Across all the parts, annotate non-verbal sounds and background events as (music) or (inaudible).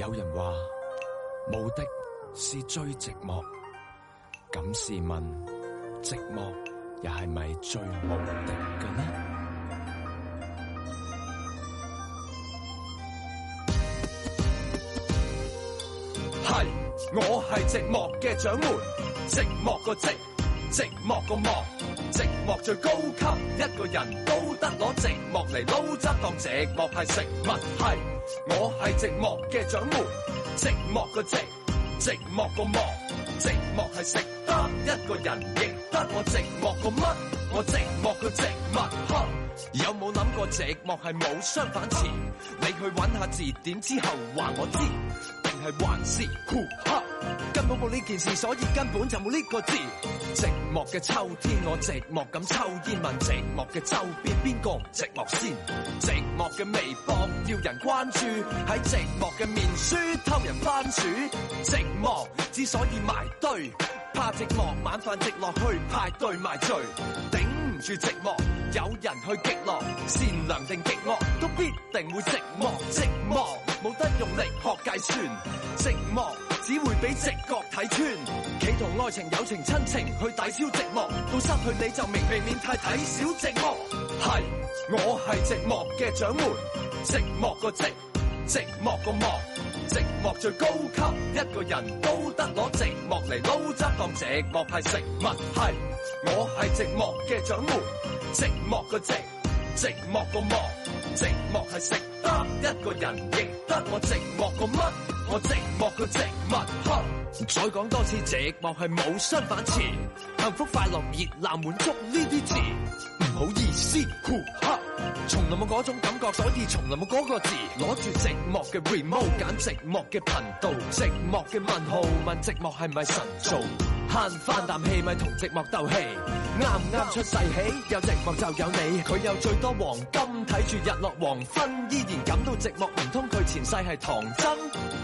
有人話，無敵是最寂寞，咁試問，寂寞又係咪最無敵的寂寞的個呢？係，我係寂寞嘅掌門，寂寞個寂，寂寞個寞,寞,寞。莫最高級一個人都得攞寂寞嚟撈汁，當寂寞係食物係，我係寂寞嘅掌門。寂寞個「寂，寂寞個寞」，「寂寞係食得一個人，亦得我寂寞個乜？我寂寞個寂寞， (laughs) (laughs) (laughs) 有冇諗過寂寞係冇相反詞？你去揾下字典之後話我知，定係還是酷黑？根本冇呢件事，所以根本就冇呢個字。寂寞嘅秋天，我寂寞咁抽煙聞。問寂寞嘅周邊，邊個唔寂寞先？寂寞嘅微博要人關注，喺寂寞嘅面書偷人番薯。寂寞之所以埋堆，怕寂寞晚飯直落去派對賣醉，頂唔住寂寞有人去極樂，善良定極惡都必定會寂寞。寂寞冇得用力學計算，寂寞。只會俾直覺睇穿，企同愛情、友情、親情去抵消寂寞，到失去你就明，未免太睇小寂寞。係，我係寂寞嘅掌門，寂寞個寂，寂寞個寞，寂寞最高級，一個人都得攞，寂寞嚟撈汁，當寂寞係食物。係，我係寂寞嘅掌門，寂寞個寂，寂寞個寞，寂寞係食得，一個人亦得我寂寞個乜。我寂寞嘅寂寞哈！再講多次，寂寞係冇新反詞，幸福快樂熱鬧滿足呢啲字，唔好意思，酷哈。從來冇嗰種感覺，所以從來冇嗰個字。攞住寂寞嘅 remote，揀寂寞嘅頻道，寂寞嘅問號問寂寞係咪神造？慳翻啖氣咪同寂寞鬥氣？啱啱出世起有寂寞就有你，佢有最多黃金睇住日落黃昏，依然感到寂寞，唔通佢前世係唐僧？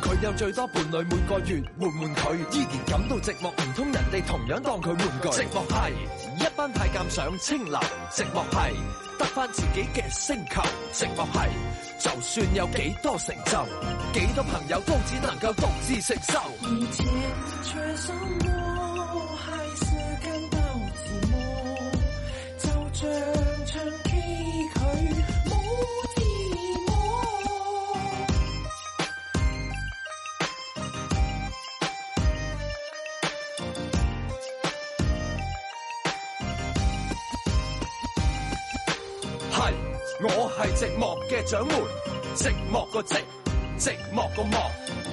佢有最多伴侶每個月換換佢，依然感到寂寞，唔通人哋同樣當佢玩具？寂寞係一班太監上青樓，寂寞係。得翻自己嘅星球，寂寞係，就算有幾多成就，幾多朋友都只能夠獨自承受。以前在什麼，還是感到寂寞，就像唱 K。我係寂寞嘅掌門，寂寞個寂，寂寞個寞，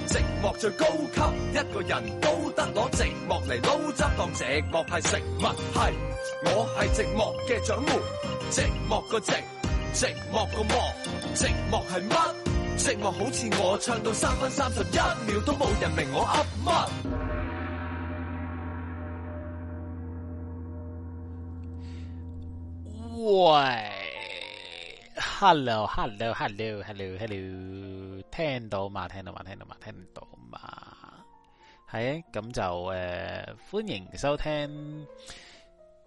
寂寞最高級，一個人都得攞寂寞嚟撈汁，當寂寞係食物係。我係寂寞嘅掌門，寂寞個寂，寂寞個寞，寂寞係乜？寂寞好似我唱到三分三十一秒都冇人明我噏乜喂。hello hello hello hello hello，聽到嘛？聽到嘛？聽到嘛？聽到嘛？係咁就誒、呃，歡迎收聽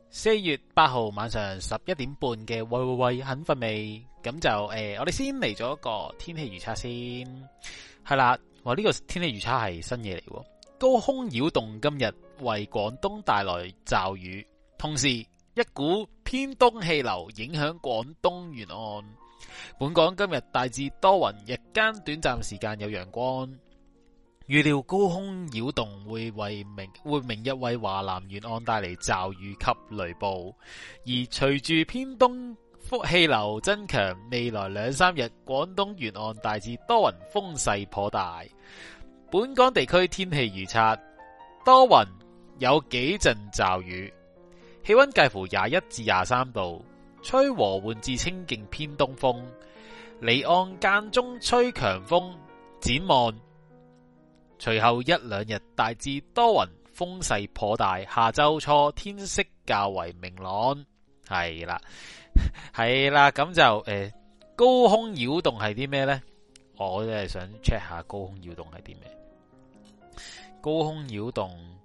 四月八號晚上十一點半嘅喂喂喂，肯瞓未。咁就誒、呃，我哋先嚟咗一個天氣預測先，係啦。我呢、這個天氣預測係新嘢嚟，高空擾動今日為廣東帶來驟雨，同時。一股偏東氣流影響廣東沿岸，本港今日大致多雲，日間短暫時間有陽光。預料高空擾動會為明會明日為華南沿岸帶嚟驟雨及雷暴，而隨住偏東風氣流增強，未來兩三日廣東沿岸大致多雲，風勢頗大。本港地區天氣預測多雲，有幾陣驟雨。氣溫介乎廿一至廿三度，吹和緩至清勁偏東風，離岸間中吹強風，展望隨後一兩日大致多雲，風勢頗大。下周初天色較為明朗，係啦，係啦，咁就誒、呃，高空擾動係啲咩呢？我真係想 check 下高空擾動係啲咩，高空擾動。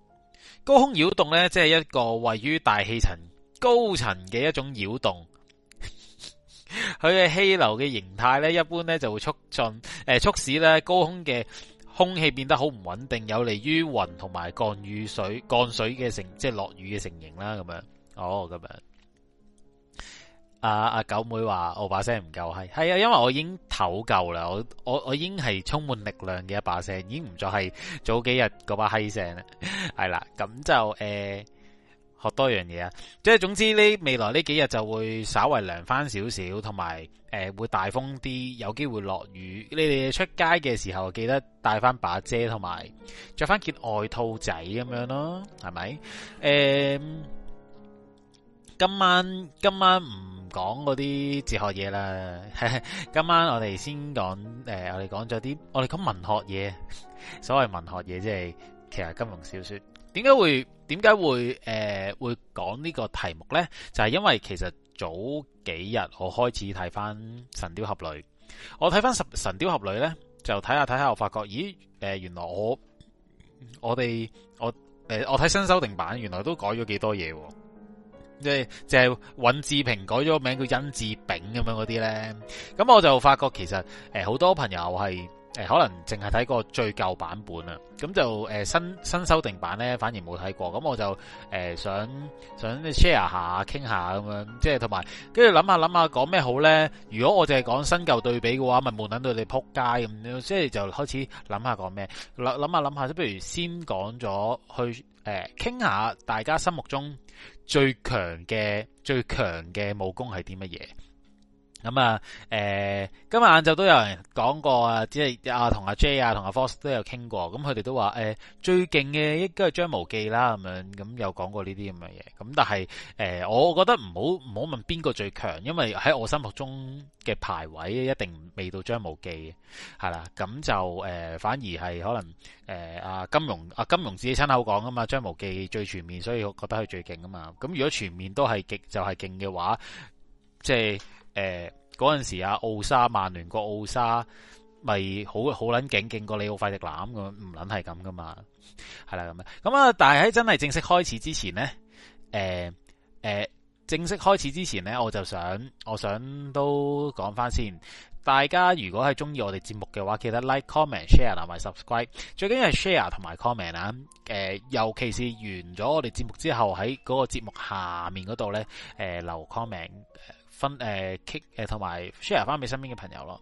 高空擾動呢，即係一個位於大氣層高層嘅一種擾動，佢嘅氣流嘅形態呢，一般呢就會促進誒促使呢高空嘅空氣變得好唔穩定，有利於雲同埋降雨水、降水嘅成，即係落雨嘅成形啦。咁樣，哦，咁樣。啊！阿、啊、九妹話我把聲唔夠嗨，係啊，因為我已經唞夠啦。我我我已經係充滿力量嘅一把聲，已經唔再係早幾日嗰把嗨聲啦。係 (laughs) 啦、啊，咁就誒學、呃、多樣嘢啊。即係總之，呢未來呢幾日就會稍為涼翻少少，同埋誒會大風啲，有機會落雨。你哋出街嘅時候記得帶翻把遮，同埋着翻件外套仔咁樣咯，係咪？誒、呃，今晚今晚唔。講嗰啲哲學嘢啦， (laughs) 今晚我哋先講，誒、呃、我哋講咗啲我哋講文學嘢，所謂文學嘢即係其實金庸小說。點解會點解會誒、呃、會講呢個題目呢？就係、是、因為其實早幾日我開始睇翻《神雕俠侶》，我睇翻十《神雕俠侶》呢，就睇下睇下，我發覺咦，誒、呃、原來我我哋我誒、呃、我睇新修訂版，原來都改咗幾多嘢、啊。即係，就係、是、尹志平改咗個名叫甄志丙咁樣嗰啲咧，咁我就發覺其實誒好多朋友係。誒，可能淨係睇過最舊版本啊，咁就誒新新修訂版咧，反而冇睇過，咁我就誒、呃，想想 share 下，傾下咁樣，即係同埋，跟住諗下諗下講咩好咧？如果我淨係講新舊對比嘅話，咪悶到你扑街咁，即係就開始諗下講咩，諗諗下諗下，即不如先講咗去誒，傾、欸、下大家心目中最強嘅最強嘅武功係啲乜嘢？咁、呃、啊，誒、啊，今日晏晝都有人講過啊，即係阿同阿 J 啊，同阿 Force 都有傾過，咁佢哋都話誒、呃，最勁嘅應該係張無忌啦，咁樣咁有講過呢啲咁嘅嘢。咁但係誒、呃，我覺得唔好唔好問邊個最強，因為喺我心目中嘅排位一定未到張無忌，係啦。咁就誒、呃，反而係可能誒、呃，金庸金庸自己親口講啊嘛，張無忌最全面，所以我覺得佢最勁啊嘛。咁如果全面都係勁就係勁嘅話，即係誒。呃嗰陣時阿奧沙曼聯個奧沙咪好好捻勁勁過你好費迪南咁唔捻係咁噶嘛係啦咁咁啊但係喺真係正式開始之前呢，誒、呃、誒、呃、正式開始之前呢，我就想我想都講翻先大家如果係中意我哋節目嘅話記得 like comment share 同埋 subscribe 最緊要係 share 同埋 comment 啊誒、呃、尤其是完咗我哋節目之後喺嗰個節目下面嗰度呢，誒、呃、留 comment。分誒 kick 誒同埋 share 翻俾身邊嘅朋友咯。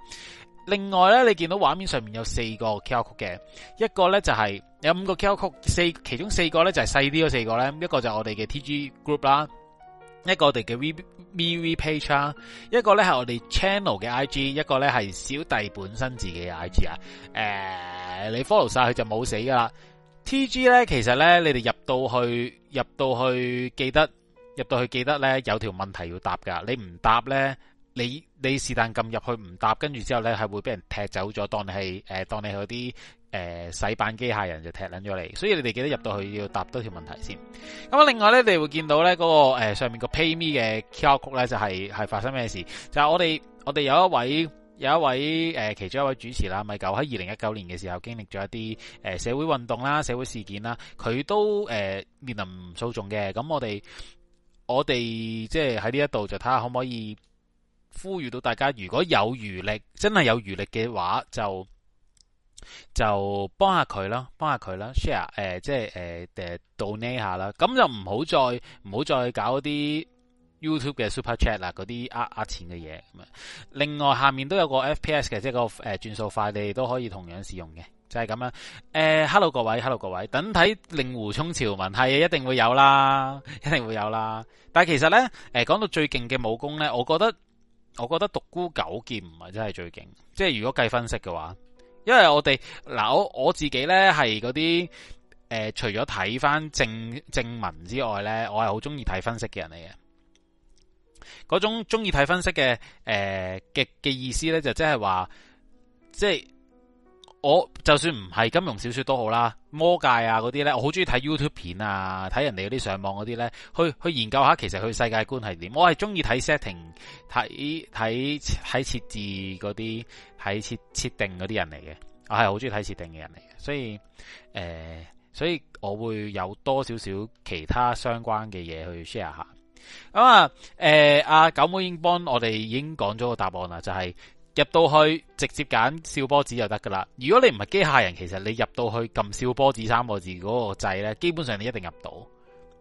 另外咧，你見到畫面上面有四個 call 曲嘅，一個咧就係、是、有五個 q a l l 曲，四其中四個咧就係細啲嗰四個咧，一個就是我哋嘅 T G group 啦，一個我哋嘅 V V V page 啦，一個咧係我哋 channel 嘅 I G，一個咧係小弟本身自己嘅 I G 啊。誒、呃，你 follow 晒佢就冇死噶啦。T G 咧，其實咧，你哋入到去入到去記得。入到去記得咧，有條問題要答噶你唔答咧，你你是但撳入去唔答，跟住之後咧係會俾人踢走咗，當你係誒、呃、當你嗰啲誒洗版機械人就踢捻咗你，所以你哋記得入到去要答多條問題先。咁啊，另外咧，你會見到咧、嗰、那個誒、呃、上面個 pay me 嘅 QR Code 咧就係、是、係發生咩事？就是、我哋我哋有一位有一位誒、呃、其中一位主持啦咪舊喺二零一九年嘅時候經歷咗一啲誒、呃、社會運動啦社會事件啦，佢都誒、呃、面臨訴訟嘅。咁我哋。我哋即係喺呢一度就睇下可唔可以呼籲到大家，如果有餘力，真係有餘力嘅話，就就幫下佢啦，幫下佢啦，share 誒，即係誒誒，donate 下啦。咁就唔好再唔好再搞啲 YouTube 嘅 super chat 啦，嗰啲呃呃錢嘅嘢。咁另外下面都有個 FPS 嘅，即係個誒轉數快，你哋都可以同樣使用嘅。就係咁啦，誒、呃，hello 各位，hello 各位，等睇《令狐沖》潮文係一定會有啦，一定會有啦。但係其實呢，誒、呃，講到最勁嘅武功呢，我覺得，我覺得獨孤九劍唔係真係最勁，即係如果計分析嘅話，因為我哋嗱、呃，我我自己呢係嗰啲，誒、呃，除咗睇翻正正文之外呢，我係好中意睇分析嘅人嚟嘅。嗰種中意睇分析嘅，誒嘅嘅意思呢，就即係話，即係。我就算唔係金庸小說都好啦，魔界啊嗰啲呢，我好中意睇 YouTube 片啊，睇人哋嗰啲上網嗰啲呢，去去研究下其實佢世界觀係點。我係中意睇 setting，睇睇睇設置嗰啲，睇設設定嗰啲人嚟嘅，我係好中意睇設定嘅人嚟嘅，所以誒、呃，所以我會有多少少其他相關嘅嘢去 share 下。咁啊，誒、呃，阿九妹英幫幫我哋已經講咗個答案啦，就係、是。入到去直接揀笑波子就得噶啦。如果你唔係機械人，其實你入到去撳笑波子三個字嗰個掣呢，基本上你一定入到。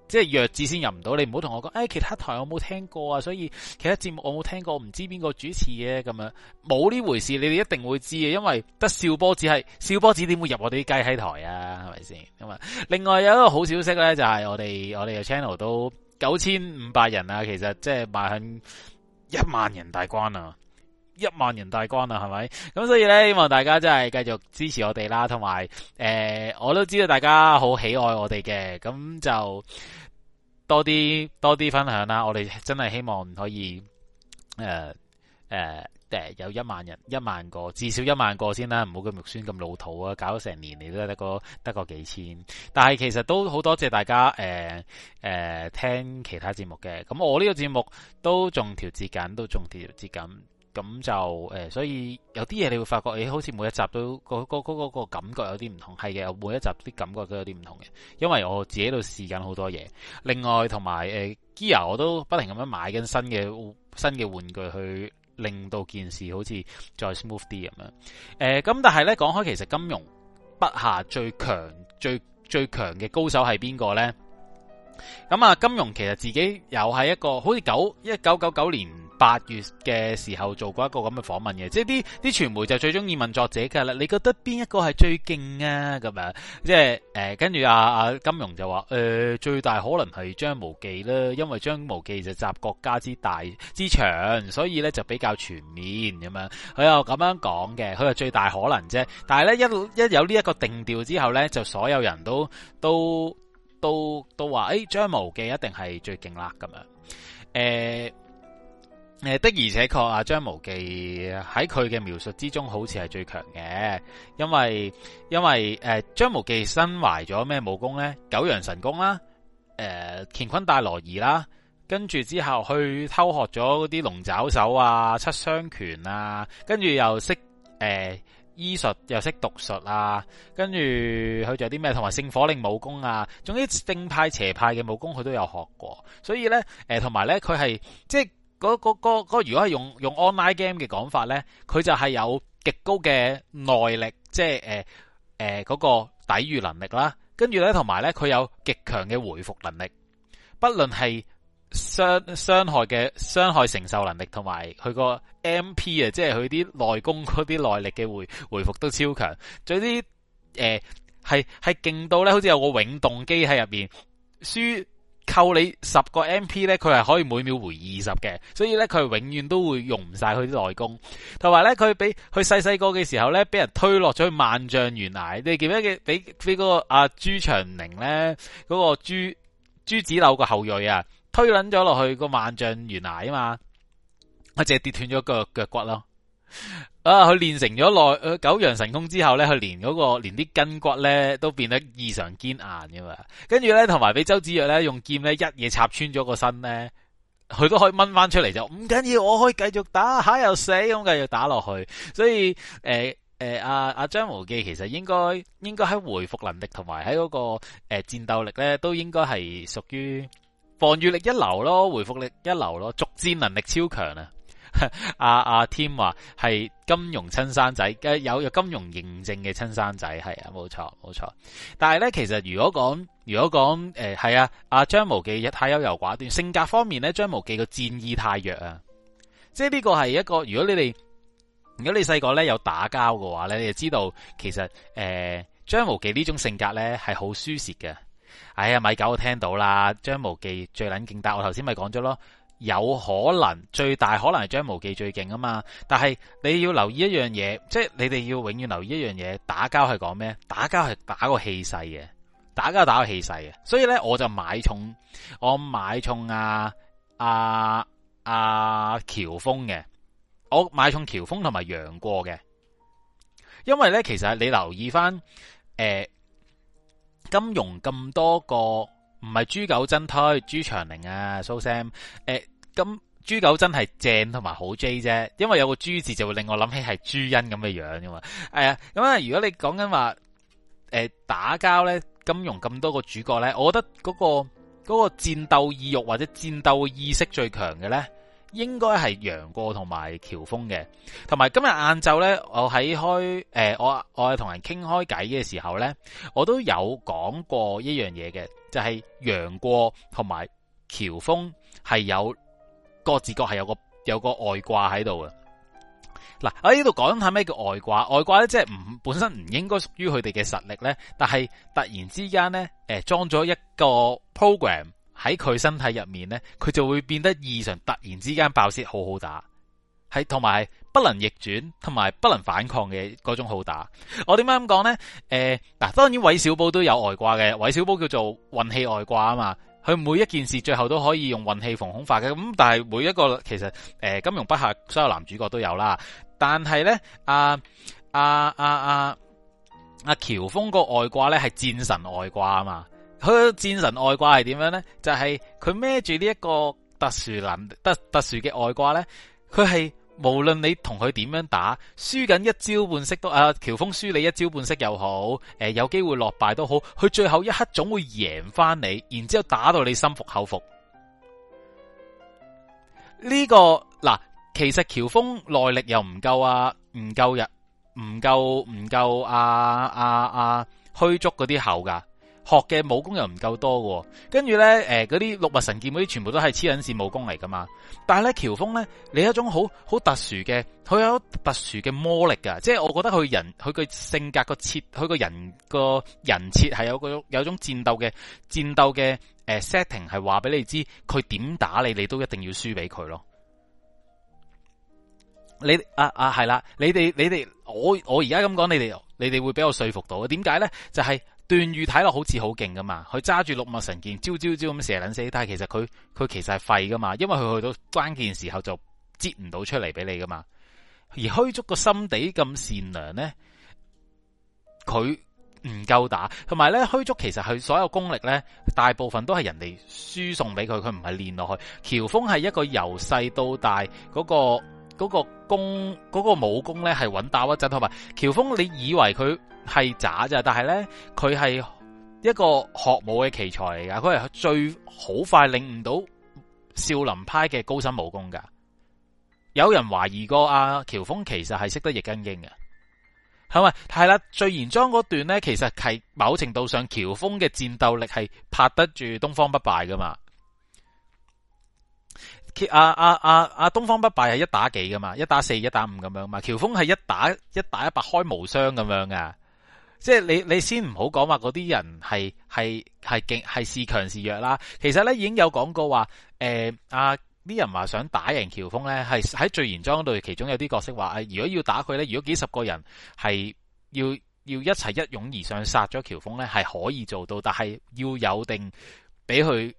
即係弱智先入唔到。你唔好同我講，誒、哎，其他台我冇聽過啊，所以其他節目我冇聽過，唔知邊個主持嘅咁樣，冇呢回事。你哋一定會知啊，因為得笑波子係笑波子，點會入我哋啲雞喺台啊？係咪先？另外有一個好消息呢，就係、是、我哋我哋嘅 channel 都九千五百人啊，其實即係邁向一萬人大關啊。一萬人大關啦，係咪咁？所以呢，希望大家真係繼續支持我哋啦，同埋誒，我都知道大家好喜愛我哋嘅，咁就多啲多啲分享啦。我哋真係希望可以誒誒、呃呃、有一萬人一萬個，至少一萬個先啦。唔好咁肉酸咁老土啊，搞成年嚟都得個得個幾千。但係其實都好多謝大家誒誒、呃呃、聽其他節目嘅。咁我呢個節目都仲調節緊，都仲調節緊。咁就誒，所以有啲嘢你會發覺，誒好似每一集都嗰個感覺有啲唔同，係嘅，每一集啲感覺都有啲唔同嘅，因為我自己喺度試緊好多嘢。另外同埋誒 Gear 我都不停咁樣買緊新嘅新嘅玩具去，去令到件事好似再 smooth 啲咁樣。誒，咁但係咧講開，其實金庸筆下最強最最強嘅高手係邊個咧？咁啊，金庸其實自己又係一個好似九一九九九年。八月嘅時候做過一個咁嘅訪問嘅，即係啲啲傳媒就最中意問作者噶啦。你覺得邊一個係最勁啊？咁樣即係誒，跟住阿阿金庸就話誒、呃，最大可能係張無忌啦，因為張無忌就集各家之大之長，所以咧就比較全面咁樣。佢又咁樣講嘅，佢話最大可能啫。但係咧，一一有呢一個定調之後咧，就所有人都都都都話誒、哎，張無忌一定係最勁啦咁樣誒。呃誒，的而且確啊，張無忌喺佢嘅描述之中，好似係最強嘅，因為因為誒，張、呃、無忌身懷咗咩武功呢？九陽神功啦，誒、呃，乾坤大挪移啦，跟住之後去偷學咗啲龍爪手啊、七傷拳啊，跟住又識誒、呃、醫術，又識毒術啊，跟住佢仲有啲咩？同埋聖火令武功啊，總之正派邪派嘅武功佢都有學過，所以呢，誒、呃，同埋呢，佢係即嗰嗰嗰嗰嗰嗰如果係用用 online game 嘅講法呢，佢就係有極高嘅耐力，即係誒誒嗰個抵禦能力啦。跟住呢，同埋呢，佢有極強嘅回復能力，不論係傷傷害嘅傷害承受能力，同埋佢個 MP 啊，即係佢啲內功嗰啲耐力嘅回回復都超強。仲有啲誒係係勁到呢，好似有個永動機喺入面輸。輸扣你十個 MP 呢，佢係可以每秒回二十嘅，所以呢，佢永遠都會用唔晒佢啲內功。同埋呢，佢俾佢細細個嘅時候呢，俾人推落咗去萬丈懸崖。你記唔記得畀嗰、嗰個阿、啊、朱長寧呢？嗰、嗰個朱朱子柳個後裔啊，推捻咗落去個萬丈懸崖啊嘛，一就跌斷咗個腳骨咯。啊！佢練成咗內九陽神功之後呢，佢連嗰個連啲筋骨呢都變得異常堅硬噶嘛。跟住呢，同埋俾周芷若呢用劍呢，一嘢插穿咗個身呢，佢都可以掹翻出嚟，就唔緊要，我可以繼續打，下又死咁繼續打落去。所以誒誒，阿阿張無忌其實應該應該喺回復能力同埋喺嗰個誒、呃、戰鬥力呢，都應該係屬於防御力一流咯，回復力一流咯，續戰能力超強啊！阿阿添話係金融親生仔，有有金融認證嘅親生仔係啊，冇錯冇錯。但係咧，其實如果講如果講誒係啊，阿張無忌一太優柔寡斷，性格方面咧，張無忌個戰意太弱啊。即係呢個係一個，如果你哋如果你細個咧有打交嘅話咧，你就知道其實誒張、呃、無忌呢種性格咧係好輸蝕嘅。哎呀，咪搞我聽到啦，張無忌最冷靜，但我頭先咪講咗咯。有可能最大可能係張無忌最勁啊嘛，但係你要留意一樣嘢，即係你哋要永遠留意一樣嘢，打交係講咩？打交係打個氣勢嘅，打交打個氣勢嘅，所以呢，我就買重，我買重阿阿阿喬峰嘅，我買重喬峰同埋楊過嘅，因為呢，其實你留意翻，誒，金庸咁多個。唔係朱九真推朱長齡啊，蘇 sam，誒，咁朱九真係正同埋好 J 啫，因為有個朱字就會令我諗起係朱茵咁嘅樣噶嘛，係啊，咁、嗯、啊如果你講緊話，誒，打交呢，金庸咁多個主角呢，我覺得嗰個嗰個戰鬥意欲或者戰鬥意識最強嘅呢。應該係楊過同埋喬峰嘅，同埋今日晏晝咧，我喺開誒、呃，我我同人傾開偈嘅時候咧，我都有講過一樣嘢嘅，就係楊過同埋喬峰係有各自各係有個有個外掛喺度嘅。嗱、呃，喺呢度講下咩叫外掛？外掛咧，即係唔本身唔應該屬於佢哋嘅實力咧，但係突然之間咧，誒裝咗一個 program。喺佢身體入面呢，佢就會變得異常，突然之間爆 seed，好好打。係，同埋不能逆轉，同埋不能反抗嘅嗰種好打。我點解咁講呢？誒，嗱，當然韋小寶都有外掛嘅，韋小寶叫做運氣外掛啊嘛。佢每一件事最後都可以用運氣逢凶化嘅。咁但係每一個其實誒、呃，金庸筆下所有男主角都有啦。但係呢，阿阿阿阿阿喬峰個外掛呢，係戰神外掛啊嘛。佢戰神外掛係點樣呢？就係佢孭住呢一個特殊能、特特殊嘅外掛呢佢係無論你同佢點樣打，輸緊一招半式都啊，喬峰輸你一招半式又好，誒、呃，有機會落敗都好，佢最後一刻總會贏翻你，然之後打到你心服口服。呢、這個嗱，其實喬峰內力又唔夠啊，唔夠人，唔夠唔夠啊啊啊虛竹嗰啲厚㗎。學嘅武功又唔夠多喎。跟住咧，誒、呃，嗰啲六脈神劍嗰啲，全部都係黐撚線武功嚟噶嘛。但係咧，喬峰咧，你有一種好好特殊嘅，佢有特殊嘅魔力噶。即係我覺得佢人，佢個性格個設，佢個人個人設係有個有種戰鬥嘅戰鬥嘅誒 setting，係話俾你知，佢點打你，你都一定要輸俾佢咯。你啊啊係啦，你哋你哋，我我而家咁講，你哋你哋會比較說服到嘅。點解咧？就係、是。段譽睇落好似好勁噶嘛，佢揸住六脈神劍，招招招咁射撚死，但係其實佢佢其實係廢噶嘛，因為佢去到關鍵時候就接唔到出嚟俾你噶嘛。而虛竹個心地咁善良呢，佢唔夠打，同埋呢虛竹其實佢所有功力呢，大部分都係人哋輸送俾佢，佢唔係練落去。喬峰係一個由細到大嗰個。嗰、嗰個功嗰、嗰個武功咧係穩打穩陣，同埋喬峰，你以為佢係渣咋？但係咧，佢係一個學武嘅奇才嚟噶，佢係最好快領悟到少林派嘅高深武功噶。有人懷疑過啊，喬峰其實係識得易筋經嘅，係咪？係啦，最原裝嗰段咧，其實係某程度上喬峰嘅戰鬥力係拍得住東方不敗噶嘛。啊，啊，啊，啊，東方不敗係一打幾噶嘛，一打四、一打五咁樣嘛，喬峰係一打一打一百開無雙咁樣噶，即係你你先唔好講話嗰啲人係係係勁係是強是，是，是，是，是，是弱啦，其實咧已經有講過話，誒、呃、啊啲人話想打贏喬峰咧，係喺聚賢莊度，其中有啲角色話，如果要打佢咧，如果幾十個人係要要一齊一擁而上殺咗喬峰咧，係可以做到，但係要有定俾佢。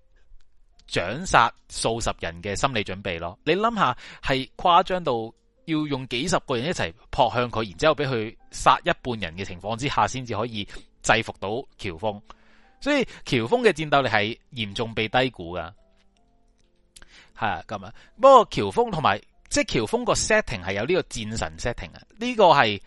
掌殺數十人嘅心理準備咯，你諗下係誇張到要用幾十個人一齊撲向佢，然之後俾佢殺一半人嘅情況之下，先至可以制服到喬峰。所以喬峰嘅戰鬥力係嚴重被低估噶，係咁啊。不過喬峰同埋即係喬峰個 setting 係有呢個戰神 setting 啊，呢個係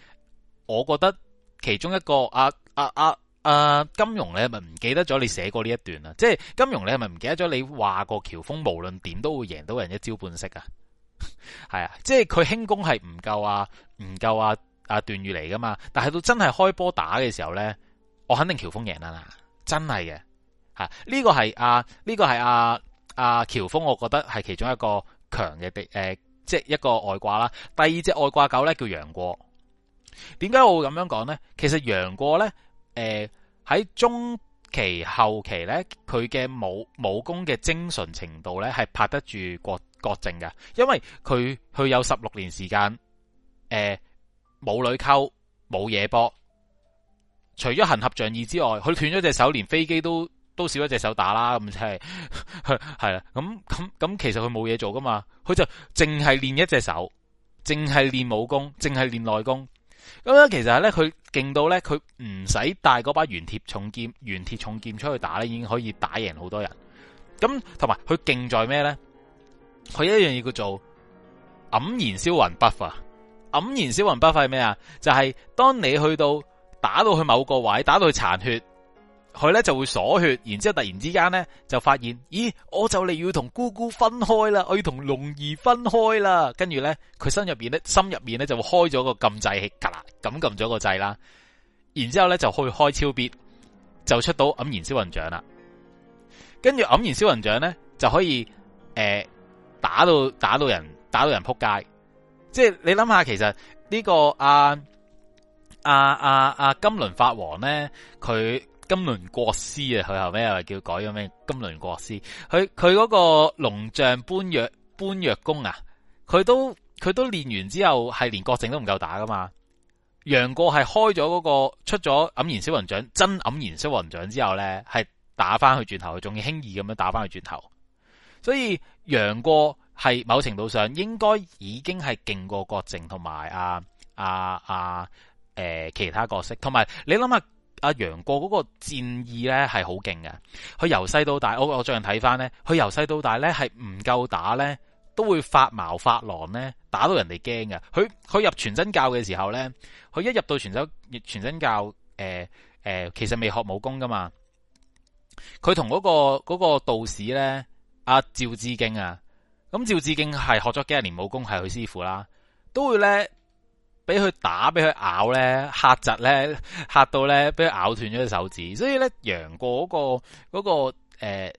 我覺得其中一個啊啊啊。啊啊誒、呃，金庸咧，你係咪唔記得咗你寫過呢一段是是一 (laughs) 是啊？即係金庸你係咪唔記得咗你話過喬峰無論點都會贏到人一招半式啊？係啊，即係佢輕功係唔夠啊，唔夠啊，啊段譽嚟噶嘛。但係到真係開波打嘅時候呢，我肯定喬峰贏啦，真係嘅吓呢個係啊呢、這個係啊啊喬峰，我覺得係其中一個強嘅敵誒，即係一個外掛啦。第二隻外掛狗呢，叫楊過，點解我會咁樣講呢？其實楊過呢。誒、呃，喺中期後期咧，佢嘅武武功嘅精純程度咧，係拍得住郭郭靖嘅，因為佢佢有十六年時間，誒、呃，冇女溝冇嘢波，除咗行俠仗義之外，佢斷咗隻手，連飛機都都少咗一隻手打啦，咁即係係啦，咁咁咁，其實佢冇嘢做噶嘛，佢就淨係練一隻手，淨係練武功，淨係練內功。咁樣其實咧，佢勁到咧，佢唔使帶嗰把玄鐵重劍，玄鐵重劍出去打咧，已經可以打贏好多人。咁同埋佢勁在咩咧？佢一樣嘢叫做黯然銷魂 buff 黯然銷魂 buff 係咩啊？就係、是、當你去到打到去某個位，打到去殘血。佢咧就會鎖血，然之後突然之間咧就發現，咦，我就嚟要同姑姑分開啦，我要同龍兒分開啦，跟住咧佢心入邊咧心入邊咧就會開咗個禁制器，咁撳咗個掣啦，然之後咧就去開超別，就出到黯然銷魂掌啦，跟住黯然銷魂掌咧就可以誒、呃、打到打到人打到人撲街，即係你諗下，其實呢、這個啊啊啊，啊金輪法王咧佢。金輪國師啊，佢後尾又話叫改咗咩？金輪國師，佢佢嗰個龍象般若般若功啊，佢都佢都練完之後係連郭靖都唔夠打噶嘛？楊過係開咗嗰、嗰個出咗黯然銷魂掌真黯然銷魂掌之後咧，係打翻去轉頭，仲要輕易咁樣打翻去轉頭，所以楊過係某程度上應該已經係勁過郭靖同埋啊啊啊誒、呃、其他角色，同埋你諗下。阿、啊、楊過嗰個戰意咧係好勁嘅，佢由細到大，我我最近睇翻咧，佢由細到大咧係唔夠打咧，都會發毛發狼咧，打到人哋驚嘅。佢佢入全真教嘅時候咧，佢一入到全真全真教，誒、呃、誒、呃，其實未學武功噶嘛。佢同嗰個嗰、那個道士咧，阿趙志敬啊，咁趙志敬係學咗幾廿年武功，係佢師傅啦，都會咧。俾佢打，俾佢咬呢吓窒呢吓到呢俾佢咬斷咗隻手指。所以呢，楊過嗰個嗰個誒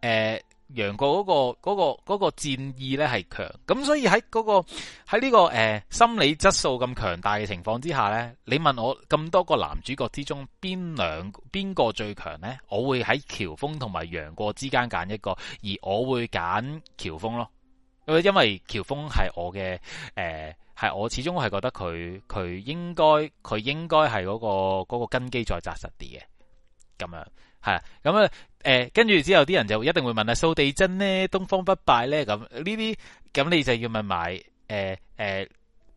誒，楊過嗰個嗰個嗰個戰意呢係強。咁所以喺嗰個喺呢個誒心理質素咁強大嘅情況之下呢，你問我咁多個男主角之中邊兩邊個最強呢？我會喺喬峰同埋楊過之間揀一個，而我會揀喬峰咯。因為喬峰係我嘅誒。呃係我始終係覺得佢佢應該佢應該係嗰個嗰個根基再扎實啲嘅，咁樣係啦，咁啊誒，跟住、呃、之後啲人就一定會問啊，掃地僧呢？東方不敗呢？咁呢啲咁你就要問埋誒誒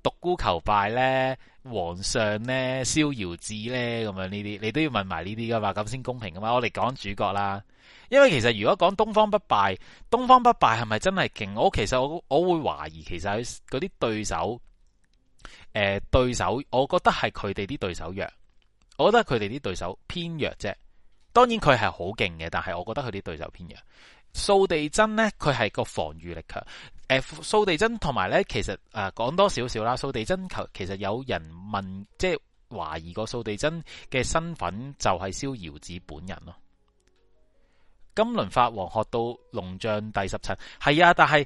獨孤求敗呢？皇上呢？逍遙子呢？咁樣呢啲你都要問埋呢啲噶嘛，咁先公平噶嘛，我哋講主角啦，因為其實如果講東方不敗，東方不敗係咪真係勁？我其實我我會懷疑，其實佢嗰啲對手。誒、呃，對手，我覺得係佢哋啲對手弱，我覺得佢哋啲對手偏弱啫。當然佢係好勁嘅，但係我覺得佢啲對手偏弱。掃地僧呢，佢係個防禦力強。誒、呃，掃地僧同埋呢，其實誒講、呃、多少少啦，掃地僧其實有人問，即係懷疑個掃地僧嘅身份就係逍遙子本人咯。金輪法王學到龍象第十七，係啊，但係。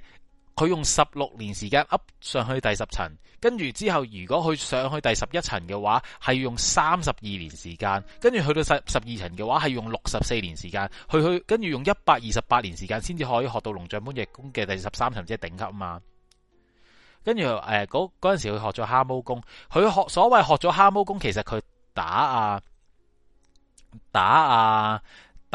佢用十六年時間 up 上去第十層，跟住之後如果佢上去第十一層嘅話，係要用三十二年時間；跟住去到十十二層嘅話，係用六十四年時間去去，跟住用一百二十八年時間先至可以學到龍象般若功嘅第十三層，即係頂級嘛。跟住誒，嗰嗰陣時佢學咗蛤蟆功，佢學所謂學咗蛤蟆功，其實佢打啊打啊。打啊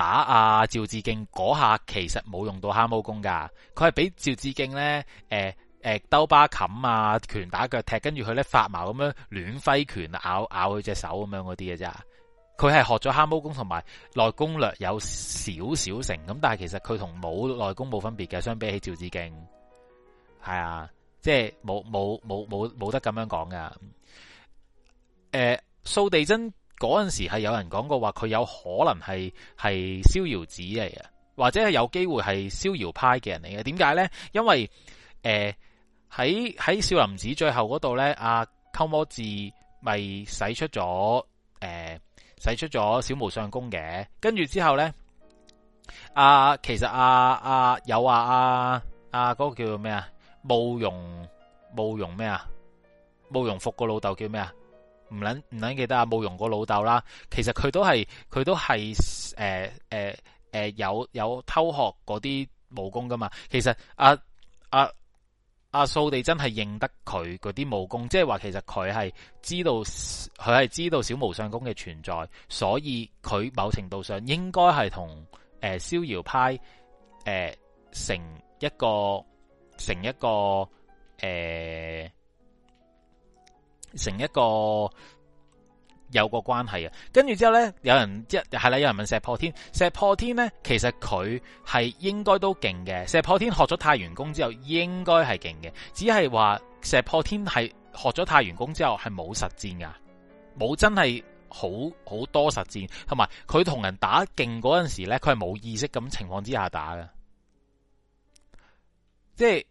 打啊，趙志敬嗰下其實冇用到蛤蟆功噶，佢係俾趙志敬咧，誒、呃、誒、呃、兜巴冚啊，拳打腳踢，跟住佢咧發毛咁樣亂揮拳咬咬佢隻手咁樣嗰啲嘅咋。佢係學咗蛤蟆功同埋內功略有少少成，咁但係其實佢同冇內功冇分別嘅，相比起趙志敬，係啊，即係冇冇冇冇冇得咁樣講噶。誒、呃，掃地僧。嗰陣時係有人講過話佢有可能係係逍遙子嚟嘅，或者係有機會係逍遙派嘅人嚟嘅。點解咧？因為誒喺喺少林寺最後嗰度咧，阿、啊、鳩摩智咪使出咗誒使出咗小無相功嘅，跟住之後咧，啊其實阿啊，啊有啊阿嗰、啊嗰個叫做咩啊慕容慕容咩啊慕容復個老豆叫咩啊？唔捻唔捻，記得啊！慕容個老豆啦，其實佢都係佢都係誒有有偷學嗰啲武功噶嘛。其實阿阿阿掃地真係認得佢嗰啲武功，即係話其實佢係知道佢係知道小無相功嘅存在，所以佢某程度上應該係同誒逍遙派誒、呃、成一個成一個誒。呃成一個有一個關係啊，跟住之後呢，有人即係啦，有人問石破天，石破天呢，其實佢係應該都勁嘅。石破天學咗太玄功之後，應該係勁嘅，只係話石破天係學咗太玄功之後係冇實戰噶，冇真係好好多實戰，同埋佢同人打緊嗰陣時呢，佢係冇意識咁情況之下打嘅，即係。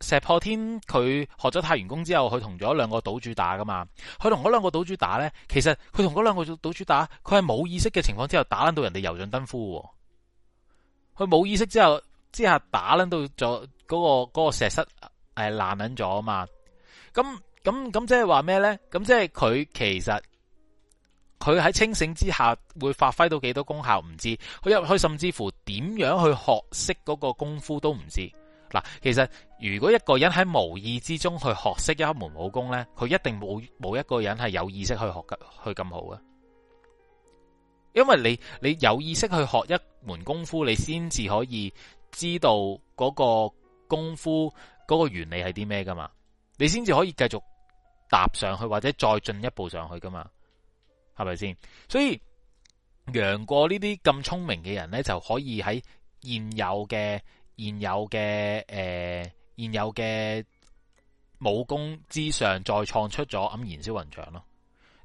石破天佢學咗太元功之後，佢同咗兩個島主打噶嘛？佢同嗰兩個島主打呢，其實佢同嗰兩個島主打，佢係冇意識嘅情況之下打捻到人哋油盡燈枯。佢冇意識之後之下打捻到咗、那、嗰個、那個石室誒爛捻咗啊嘛！咁咁咁即係話咩呢？咁即係佢其實佢喺清醒之下會發揮到幾多功效唔知？佢入去甚至乎點樣去學識嗰個功夫都唔知。嗱，其實如果一個人喺無意之中去學識一門武功呢，佢一定冇冇一個人係有意識去學去咁好嘅。因為你你有意識去學一門功夫，你先至可以知道嗰個功夫嗰個原理係啲咩噶嘛，你先至可以繼續踏上去或者再進一步上去噶嘛，係咪先？所以楊過呢啲咁聰明嘅人呢，就可以喺現有嘅。現有嘅誒、呃，現有嘅武功之上再創出咗咁燃燒雲長咯，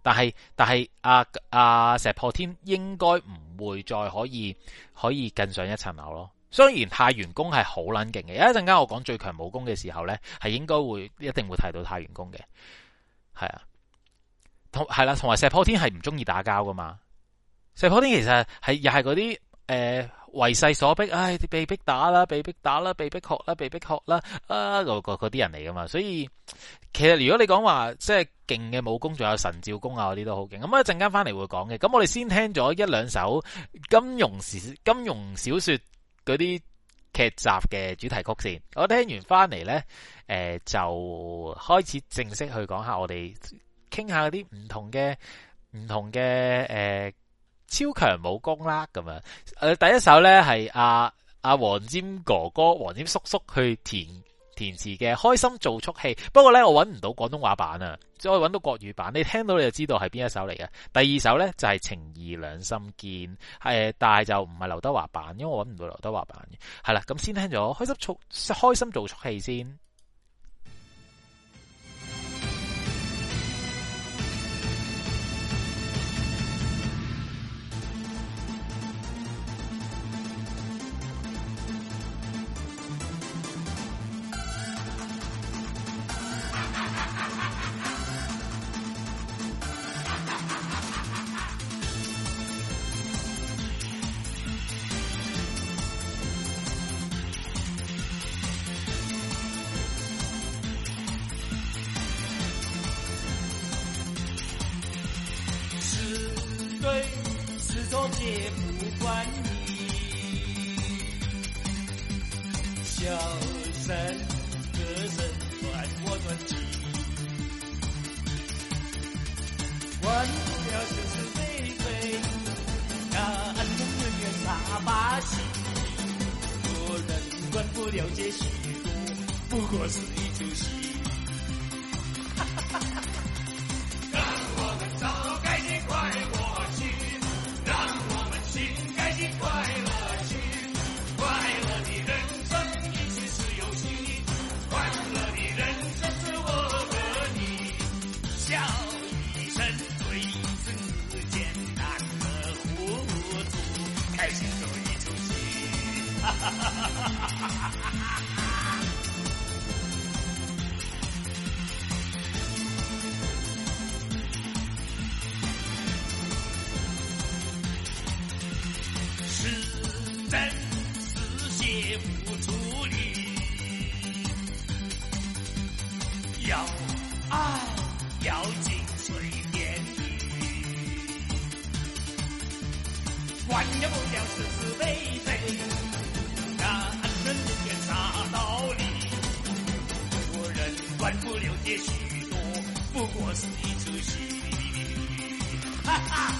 但是，但係但係阿阿石破天應該唔會再可以可以更上一層樓咯。雖然太元功係好撚勁嘅，有一陣間我講最強武功嘅時候呢，係應該會一定會提到太元功嘅，係啊，同係啦，同埋、啊、石破天係唔中意打交㗎嘛，石破天其實係又係嗰啲。誒、呃，為勢所逼，唉，被逼打啦，被逼打啦，被逼學啦，被逼學啦，啊，嗰啲人嚟噶嘛，所以其實如果你講話即係勁嘅武功，仲有神照功啊，嗰啲都好勁。咁一陣間翻嚟會講嘅，咁我哋先聽咗一兩首金庸時、金庸小說嗰啲劇集嘅主題曲先。我聽完翻嚟呢，誒、呃，就開始正式去講下我哋，傾下嗰啲唔同嘅、唔同嘅，誒、呃。超強武功啦咁啊。誒、呃、第一首呢係阿阿黃霑哥哥黃霑叔叔去填填詞嘅開心做速戲，不過呢，我搵唔到廣東話版啊，只可以搵到國語版，你聽到你就知道係邊一首嚟嘅。第二首呢就係、是、情義兩心堅》呃，但係就唔係劉德華版，因為我搵唔到劉德華版嘅。係啦，咁先聽咗開心開心做速戲先。要愛、啊、要盡隨天意，管他不管是是非非，男人不怨，啥道理。中國人管不了這許多，不過是一出戲。哈哈，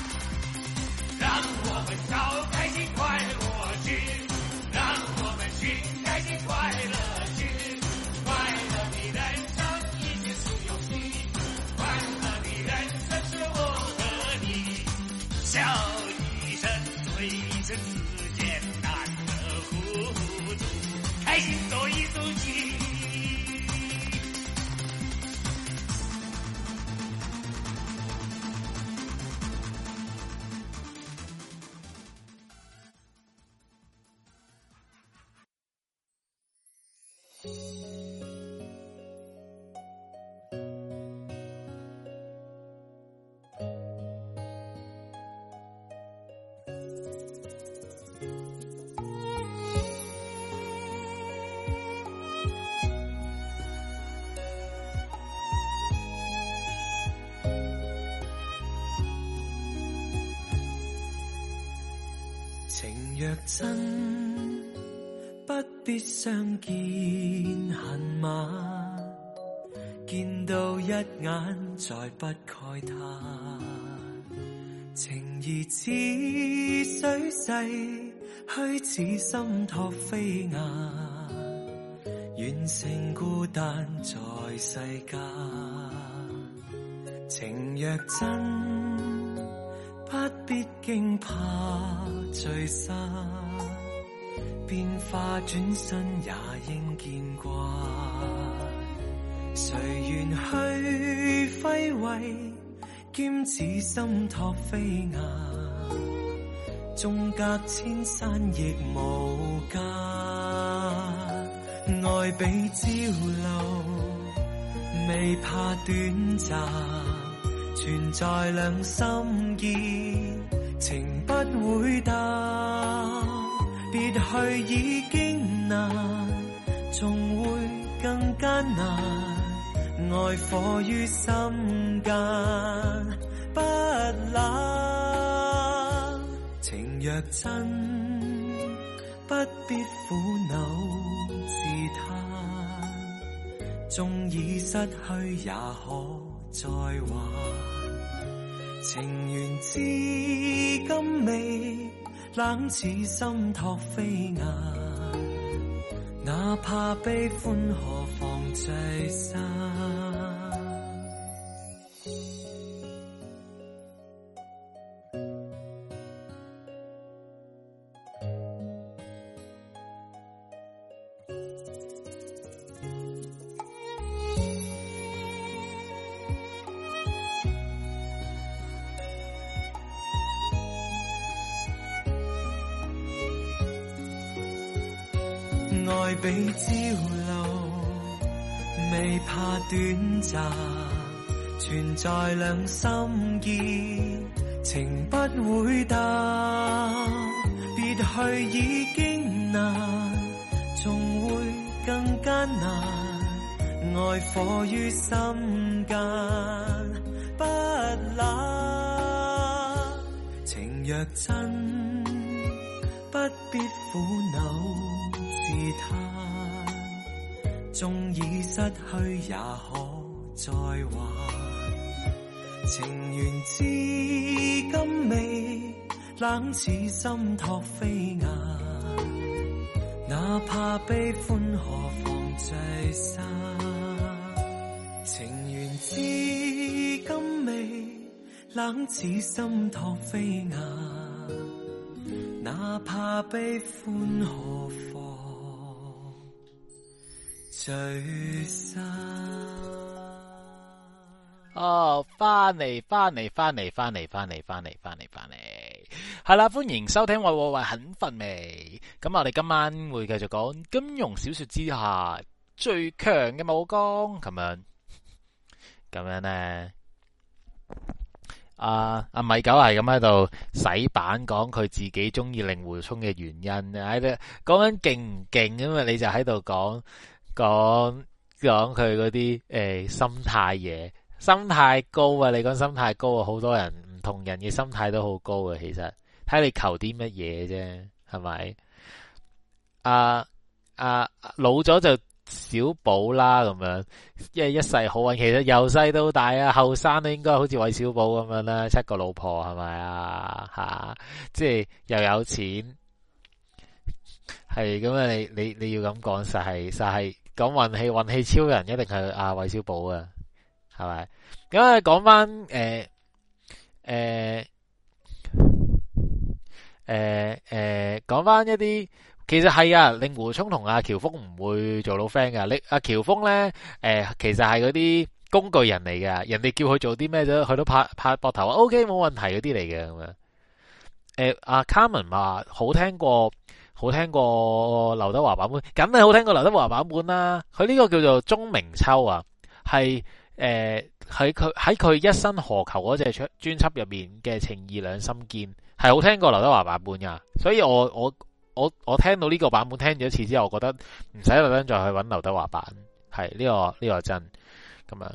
讓我們高開心，快活去。見恨晚，見到一眼再不慨歎，情已似水逝去，此心托飛雁，遠勝孤單在世間。情若真，不必驚怕聚散。變化，轉身也應見掛。誰願去揮霍？兼此心託飛雁，縱隔千山亦無價。愛比朝露，未怕短暫，存在兩心間，情不會淡。別去已經難，仲會更艱難。愛火於心間不冷，情若真，不必苦惱自嘆。縱已失去，也可再話。情緣至今未。冷似心託飛雁，哪怕悲歡何妨聚散。再兩心間，情不會淡，別去已經難，重會更艱難。愛火於心間不冷，情若真，不必苦惱自嘆，縱已失去也可再挽。情緣至今未冷，似心託飛雁。哪怕悲歡何妨聚散。情緣至今未冷，似心託飛雁。哪怕悲歡何妨聚散。哦，翻嚟，翻嚟，翻嚟，翻嚟，翻嚟，翻嚟，翻嚟，嚟係啦！歡迎收聽我《喂喂喂》，肯瞓未？咁我哋今晚會繼續講金庸小說之下最強嘅武功，咁樣咁樣呢啊阿米狗係咁喺度洗版，講佢自己中意令狐沖嘅原因喺度、啊、講緊勁唔勁，咁啊你就喺度講講講佢嗰啲誒心態嘢。心態高啊！你講心態高啊，好多人唔同人嘅心態都好高啊。其實睇你求啲乜嘢啫，係咪？啊啊，老咗就小寶啦，咁樣，因為一世好運。其實由細到大啊，後生都應該好似韋小寶咁樣啦，七個老婆係咪啊？吓、啊，即係又有錢，係咁啊！你你你要咁講實係實係講運氣，運氣超人一定係阿韋小寶啊！係咪？咁啊，講翻誒誒誒誒，講翻一啲其實係啊，令狐沖同阿喬峰唔會做到 friend 噶。你阿喬峰咧，誒，其實係嗰啲工具人嚟噶，人哋叫佢做啲咩啫？佢都拍拍膊頭，OK，冇問題嗰啲嚟嘅咁樣。誒，阿 Carmen 話好聽過，好聽過劉德華版本，梗係好聽過劉德華版本啦。佢呢個叫做鍾明秋啊，係。誒、呃，喺佢喺佢一生何求嗰隻專專輯入面嘅情義兩心堅係好聽過劉德華版本噶，所以我我我我聽到呢個版本聽咗一次之後，我覺得唔使特登再去揾劉德華版，係呢、這個呢、這個真咁樣，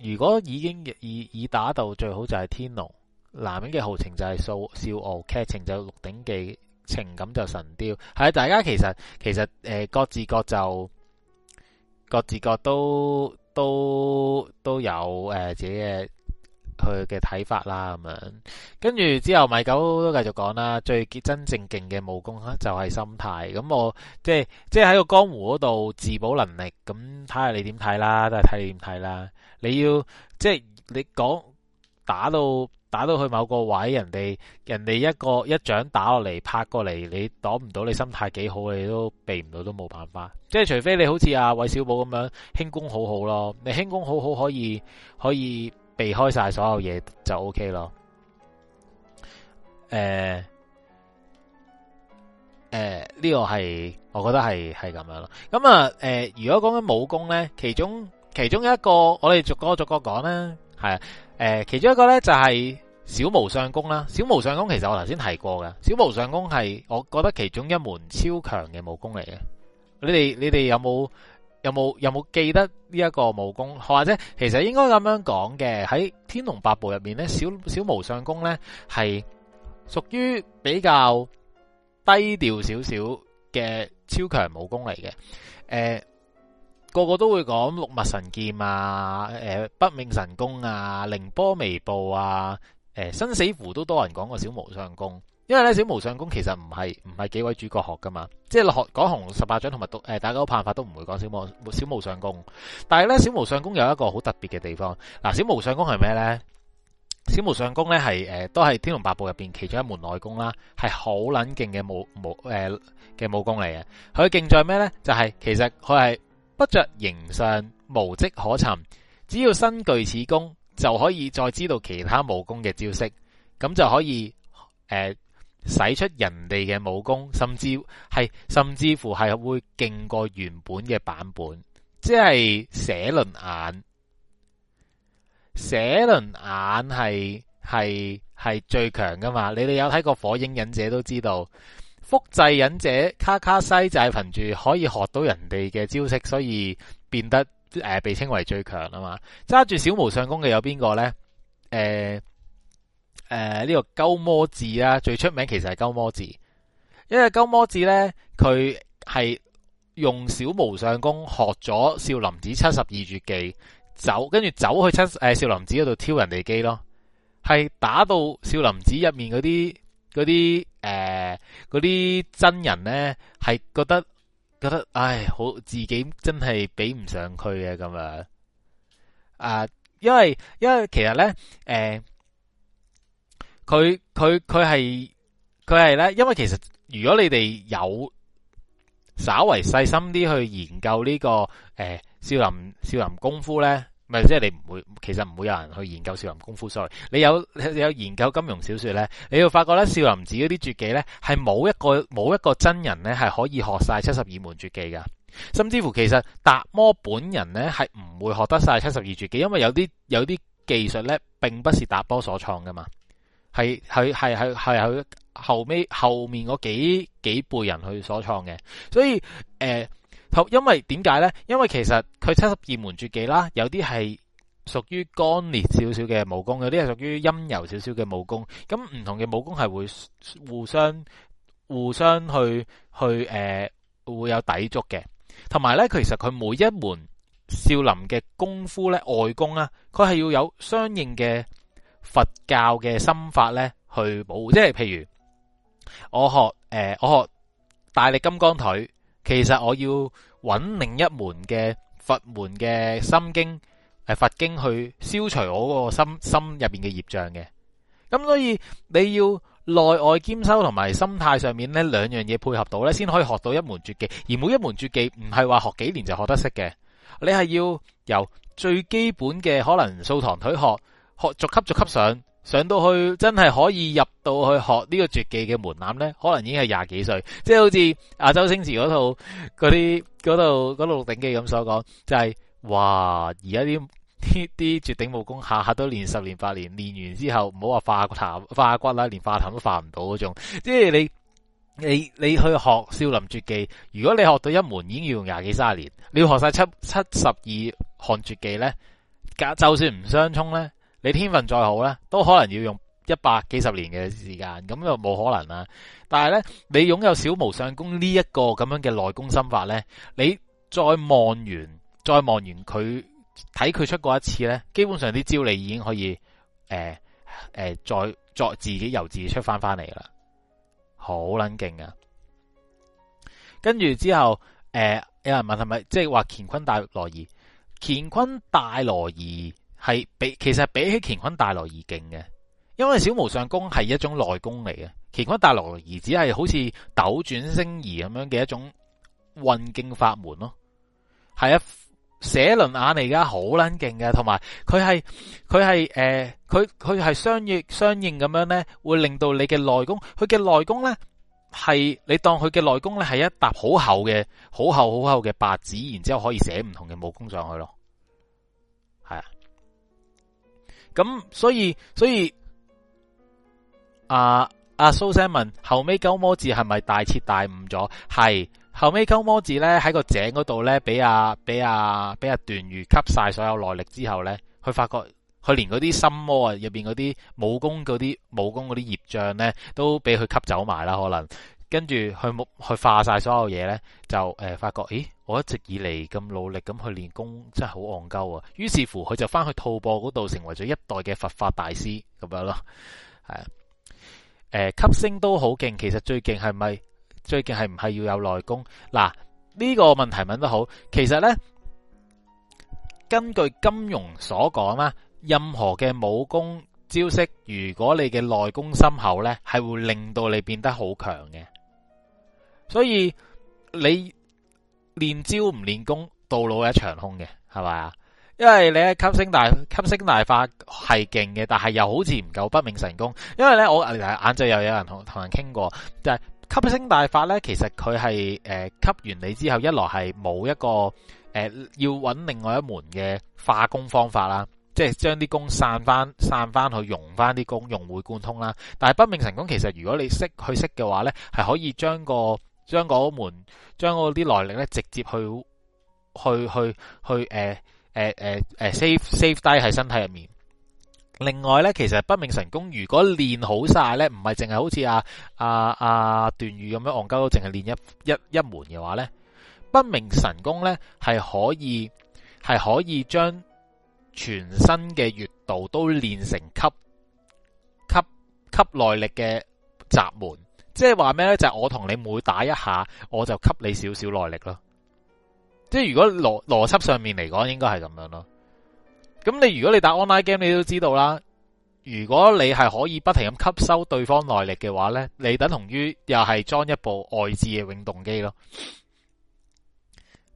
如果已經已已打鬥最好就係天龍，男人嘅豪情就係笑傲，劇、okay，情就鹿鼎記，情感就神雕，係大家其實其實誒、呃、各自各就。各自各都都都有誒、呃、自己嘅佢嘅睇法啦咁樣，跟住之後米九都繼續講啦，最真正勁嘅武功咧就係心態。咁我即係即係喺個江湖嗰度自保能力，咁睇下你點睇啦，都係睇你點睇啦。你要即係你講打到。打到去某個位，人哋人哋一個一掌打落嚟，拍過嚟，你擋唔到，你心態幾好，你都避唔到，都冇辦法。即係除非你好似阿韋小寶咁樣輕功好好咯，你輕功好好可以可以避開晒所有嘢就 OK 咯。誒、呃、誒，呢個係我覺得係係咁樣咯。咁啊，誒、呃，如果講緊武功呢，其中其中一個我哋逐個逐個講啦，係誒、呃，其中一個呢就係。小無相功啦，小無相功其實我頭先提過嘅，小無相功係我覺得其中一門超強嘅武功嚟嘅。你哋你哋有冇有冇有冇記得呢一個武功？或者其實應該咁樣講嘅，喺《天龍八部》入面呢小小無相功呢係屬於比較低調少少嘅超強武功嚟嘅。誒、呃，個個都會講六脈神劍啊，誒、呃，北冥神功啊，凌波微步啊。誒，生死符都多人講過小無相功，因為咧小無相功其實唔係唔係幾位主角學噶嘛，即係學《降龍十八掌》同埋《讀》誒，大家都派法都唔會講小無小無相功。但係咧小無相功有一個好特別嘅地方，嗱，小無相功係咩咧？小無相功咧係誒，都係《天龍八部》入邊其中一門內功啦，係好冷勁嘅武武誒嘅、呃、武功嚟嘅，佢勁在咩咧？就係、是、其實佢係不着形相，無迹可尋，只要身具此功。就可以再知道其他武功嘅招式，咁就可以誒、呃、使出人哋嘅武功，甚至係甚至乎係會勁過原本嘅版本，即係寫輪眼。寫輪眼係係係最強噶嘛？你哋有睇過《火影忍者》都知道，複製忍者卡卡西就係憑住可以學到人哋嘅招式，所以變得。誒，被稱為最強啊嘛！揸住小無相功嘅有邊個咧？誒誒，呢個鳩摩智啊，最出名其實係鳩摩智，因為鳩摩智咧，佢係用小無相功學咗少林寺七十二絕技，走跟住走去七誒、呃、少林寺嗰度挑人哋機咯，係打到少林寺入面嗰啲嗰啲誒嗰啲真人咧，係覺得。覺得唉，好自己真係比唔上佢嘅咁啊！啊，因為因為其實咧，誒、呃，佢佢佢係佢係咧，因為其實如果你哋有稍微細心啲去研究呢、這個誒、呃《少林少林功夫》呢咧。咪即係你唔會，其實唔會有人去研究少林功夫。sorry，你有你有研究金庸小說呢？你會發覺呢，少林寺嗰啲絕技呢，係冇一個冇一個真人呢係可以學晒七十二門絕技噶。甚至乎其實達摩本人呢係唔會學得晒七十二絕技，因為有啲有啲技術呢並不是達摩所創噶嘛，係係係係係後尾後面嗰幾幾輩人去所創嘅。所以誒。呃因為點解呢？因為其實佢七十二門絕技啦，有啲係屬於剛烈少少嘅武功，有啲係屬於陰柔少少嘅武功。咁唔同嘅武功係會互相互相去去誒、呃，會有抵觸嘅。同埋呢，其實佢每一門少林嘅功夫呢，外功啦，佢係要有相應嘅佛教嘅心法呢去保護。即係譬如我學誒、呃，我學大力金剛腿。其實我要揾另一門嘅佛門嘅心經，佛經去消除我個心心入邊嘅業障嘅。咁所以你要內外兼修，同埋心態上面呢兩樣嘢配合到呢先可以學到一門絕技。而每一門絕技唔係話學幾年就學得識嘅，你係要由最基本嘅可能掃堂腿學學，學，逐級逐級上。上到去真係可以入到去學呢個絕技嘅門檻咧，可能已經係廿幾歲，即係好似阿周星馳嗰套嗰啲嗰度嗰鹿鼎記咁所講，就係、是、哇而家啲啲啲絕頂武功下下都練十年八年，練完之後唔好話化痰化骨啦，連化痰都化唔到嗰種，即係你你你去學少林絕技，如果你學到一門已經要用廿幾卅年，你要學晒七七十二項絕技咧，就算唔相衝咧。你天分再好咧，都可能要用一百幾十年嘅時間，咁又冇可能啦。但係咧，你擁有小無相功呢一個咁樣嘅內功心法咧，你再望完，再望完佢睇佢出過一次咧，基本上啲招你已經可以誒誒、呃呃，再自己由自己出翻翻嚟啦，好捻勁呀！跟住之後誒、呃，有人問係咪即係話乾坤大挪移？乾坤大挪移。係比其實是比起乾坤大挪移勁嘅，因為小無相功係一種內功嚟嘅，乾坤大挪移只係好似斗轉星移咁樣嘅一種運勁法門咯。係啊，寫輪眼嚟㗎好撚勁嘅，同埋佢係佢係誒，佢佢係相應相應咁樣咧，會令到你嘅內功，佢嘅內功咧，係你當佢嘅內功咧，係一沓好厚嘅好厚好厚嘅白紙，然之後可以寫唔同嘅武功上去咯。咁所以所以，阿阿蘇生問後尾鳩摩智係咪大徹大悟咗？係後尾鳩摩智咧喺個井嗰度咧，俾阿俾阿俾阿段譽吸晒所有內力之後咧，佢發覺佢連嗰啲心魔啊，入邊嗰啲武功嗰啲武功嗰啲業障咧，都俾佢吸走埋啦，可能。跟住去冇化晒所有嘢呢，就誒、呃、發覺，咦，我一直以嚟咁努力咁去練功，真係好戇鳩啊！於是乎，佢就翻去吐蕃嗰度，成為咗一代嘅佛法大師咁樣咯。誒，吸、呃、星都好勁，其實最勁係咪最勁係唔係要有內功？嗱，呢、這個問題問得好，其實呢，根據金庸所講啦，任何嘅武功招式，如果你嘅內功深厚呢，係會令到你變得好強嘅。所以你練招唔練功，到老一場空嘅，係咪啊？因為你喺吸星大吸星大法係勁嘅，但係又好似唔夠北冥神功。因為咧，我眼眼就又有人同同人傾過，就係、是、吸星大法咧，其實佢係誒吸完你之後，一來係冇一個誒、呃、要揾另外一門嘅化功方法啦，即係將啲功散翻散翻去融翻啲功融會貫通啦。但係北冥神功，其實如果你識去識嘅話咧，係可以將個。將嗰門，將嗰啲內力咧，直接去去去去，誒誒誒 save save 低喺身體入面。另外咧，其實北冥神功如果練好晒咧，唔係淨係好似阿阿阿段譽咁樣戇鳩，淨係練一一一門嘅話咧，北冥神功咧係可以係可以將全身嘅穴道都練成吸吸吸內力嘅閘門。即係話咩呢？就係、是、我同你每打一下，我就吸你少少耐力咯。即係如果邏邏輯上面嚟講，應該係咁樣咯。咁你如果你打 online game，你都知道啦。如果你係可以不停咁吸收對方耐力嘅話呢，你等同於又係裝一部外置嘅永動機咯。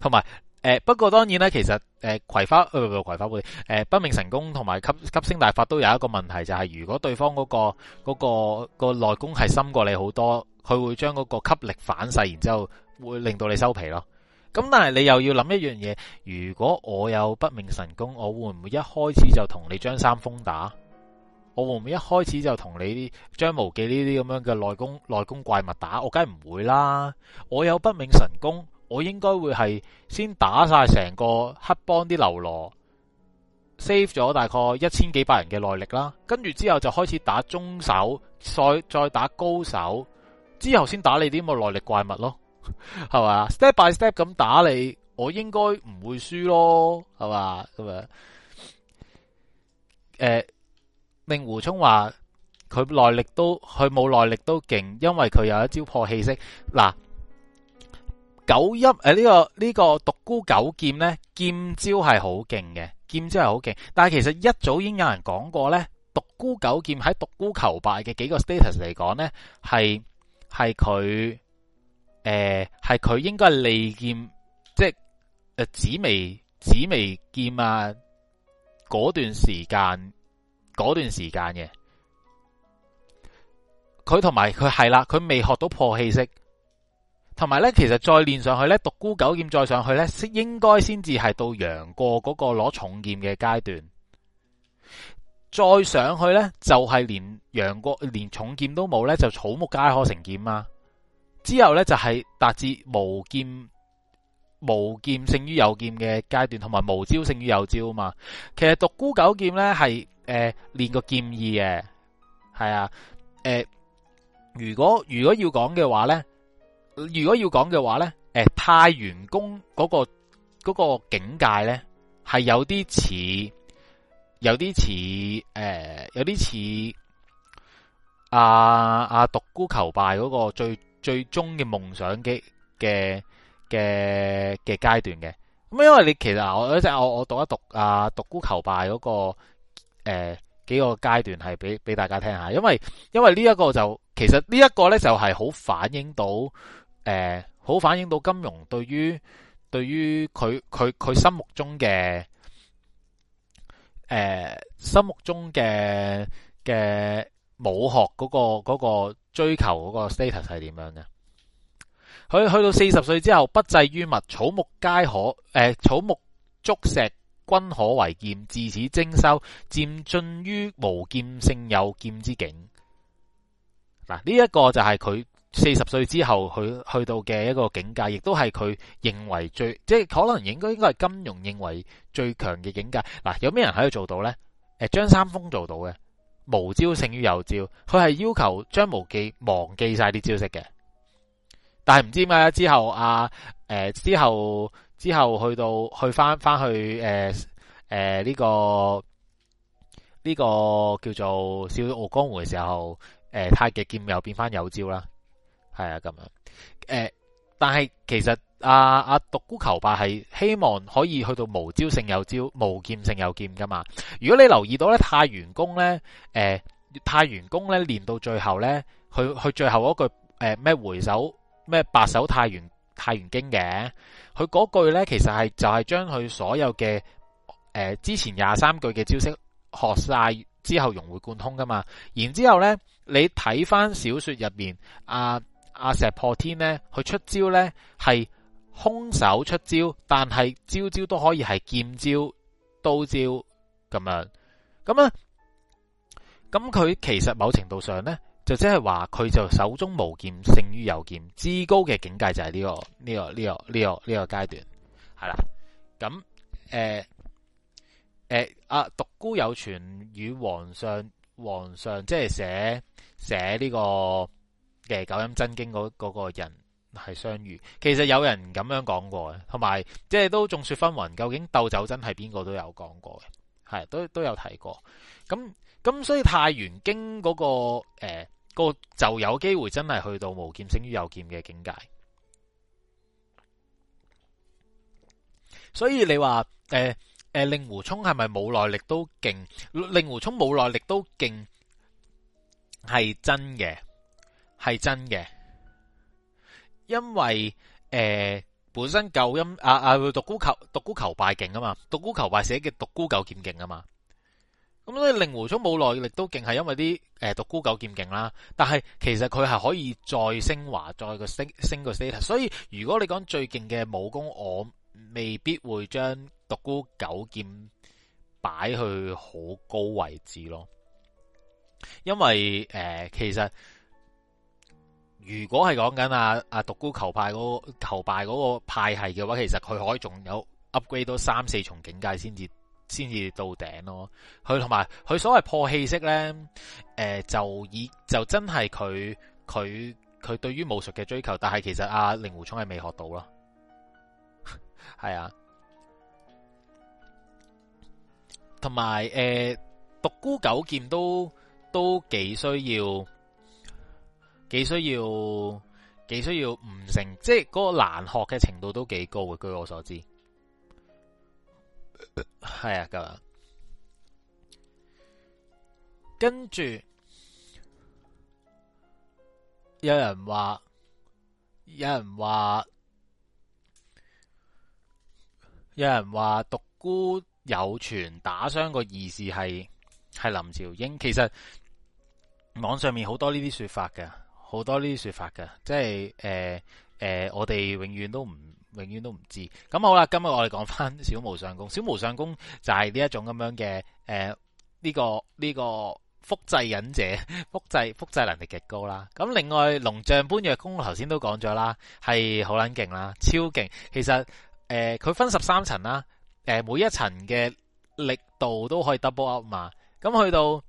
同埋誒，不過當然咧，其實。誒、呃、葵花，唔係葵花會，誒北冥神功同埋吸吸星大法都有一個問題，就係如果對方嗰個嗰個個內功係深過你好多，佢會將嗰個吸力反噬，然之後會令到你收皮咯。咁但係你又要諗一樣嘢，如果我有北冥神功，我會唔會一開始就同你張三豐打？我會唔會一開始就同你張無忌呢啲咁樣嘅內功內功怪物打？我梗係唔會啦，我有北冥神功。我應該會係先打晒成個黑幫啲流羅，save 咗大概一千幾百人嘅內力啦。跟住之後就開始打中手，再再打高手，之後先打你啲咁內力怪物咯，係嘛 (laughs) ？step by step 咁打你，我應該唔會輸咯，係嘛咁樣？誒、呃，令狐沖話佢內力都佢冇內力都勁，因為佢有一招破氣息嗱。九陰誒，呢個呢、呢個獨孤九劍咧，劍招係好勁嘅劍招係好勁，但係其實一早已經有人講過咧，獨孤九劍喺獨孤求敗嘅幾個 status 嚟講咧，係係佢，誒係佢應該係利劍，即係誒紫微紫微劍啊，嗰段時間嗰段時間嘅，佢同埋佢係啦，佢未學到破氣式。同埋咧，其實再練上去咧，獨孤九劍再上去咧，應該先至係到楊過嗰個攞重劍嘅階段。再上去咧，就係、是、連楊過連重劍都冇咧，就草木皆可成劍啊！之後咧就係、是、達至無劍無劍勝於有劍嘅階段，同埋無招勝於有招啊！嘛，其實獨孤九劍咧係誒練個劍意嘅，係、呃、啊，誒、呃、如果如果要講嘅話咧。如果要講嘅話咧，誒，太玄功嗰個嗰個境界咧，係有啲似有啲似誒，有啲似阿阿獨孤求敗嗰個最最終嘅夢想嘅嘅嘅嘅階段嘅。咁因為你其實我讀我我讀一讀阿獨孤求敗嗰個誒、呃、幾個階段係俾俾大家聽下，因為因為呢一個就其實呢一個咧就係好反映到。誒、呃，好反映到金庸對於對於佢佢佢心目中嘅誒、呃、心目中嘅嘅武學嗰、那個、那個追求嗰個 status 係點樣嘅？佢去，去到四十歲之後，不滯於物，草木皆可誒、呃，草木、竹石均可為劍，自此精修，漸進於無劍勝有劍之境。嗱、啊，呢、這、一個就係佢。四十歲之後去去到嘅一個境界，亦都係佢認為最，即係可能應該應該係金庸認為最強嘅境界。嗱、啊，有咩人可以做到呢？誒，張三豐做到嘅，無招勝於有招。佢係要求張無忌忘記晒啲招式嘅，但係唔知點解之後啊，誒之後之後去到去翻翻去誒誒呢個呢、呢個叫做笑傲江湖嘅時候，誒、啊、太極劍又變翻有招啦。係啊，咁樣，誒、呃，但係其實阿阿、啊啊、獨孤求敗係希望可以去到無招勝有招、無劍勝有劍噶嘛。如果你留意到咧，太玄功咧，誒、呃，太玄功咧練到最後咧，佢佢最後嗰句誒咩、呃、回首咩白首太玄太玄經嘅，佢嗰句咧其實係就係、是、將佢所有嘅誒、呃、之前廿三句嘅招式學晒之後融會貫通噶嘛。然之後咧，你睇翻小說入面。阿、啊。阿石破天咧，佢出招咧係空手出招，但係招招都可以係劍招、刀招咁樣，咁啊，咁、嗯、佢其實某程度上咧，就即係話佢就手中無劍勝於有劍，至高嘅境界就係呢個呢個呢個呢個呢個階段係啦。咁誒誒阿獨孤有傳與皇上皇上即係寫寫呢個。嘅九陰真經嗰個個人係相遇，其實有人咁樣講過嘅，同埋即係都眾說紛紜，究竟斗酒真係邊個都有講過嘅，係都都有提過。咁咁所以太原經嗰、嗰個誒、呃那個就有機會真係去到無劍勝於有劍嘅境界。所以你話誒誒令狐沖係咪冇內力都勁？令狐沖冇內力都勁係真嘅。係真嘅，因為誒、呃、本身舊音啊啊獨孤求獨孤求敗勁啊嘛，獨孤求敗寫嘅獨孤九劍勁啊嘛。咁所以，令狐沖冇內力都勁，係因為啲誒獨孤九劍勁啦。但係其實佢係可以再升華，再個升升個 status。所以如果你講最勁嘅武功，我未必會將獨孤九劍擺去好高位置咯，因為誒、呃、其實。如果係講緊阿阿獨孤求敗嗰求敗個派系嘅話，其實佢可以仲有 upgrade 到三四重境界先至先至到頂咯。佢同埋佢所謂破氣式咧，誒、呃、就以就真係佢佢佢對於武術嘅追求，但係其實阿令狐沖係未學到咯，係 (laughs) 啊。同埋誒，獨、呃、孤九劍都都幾需要。幾需要，幾需要唔成，即係嗰個難學嘅程度都幾高嘅。據我所知，係啊咁樣。跟住，有人話，有人話，有人話獨孤有傳打傷個意思係係林朝英。其實網上面好多呢啲說法嘅。好多呢啲說法㗎，即係誒誒，我哋永遠都唔永遠都唔知。咁好啦，今日我哋講翻小無相功。小無相功就係呢一種咁樣嘅誒呢個呢、呢個複製忍者，複製複製能力極高啦。咁另外龍象般若功，頭先都講咗啦，係好撚勁啦，超勁。其實誒佢、呃、分十三層啦，誒、呃、每一層嘅力度都可以 double up 嘛。咁去到。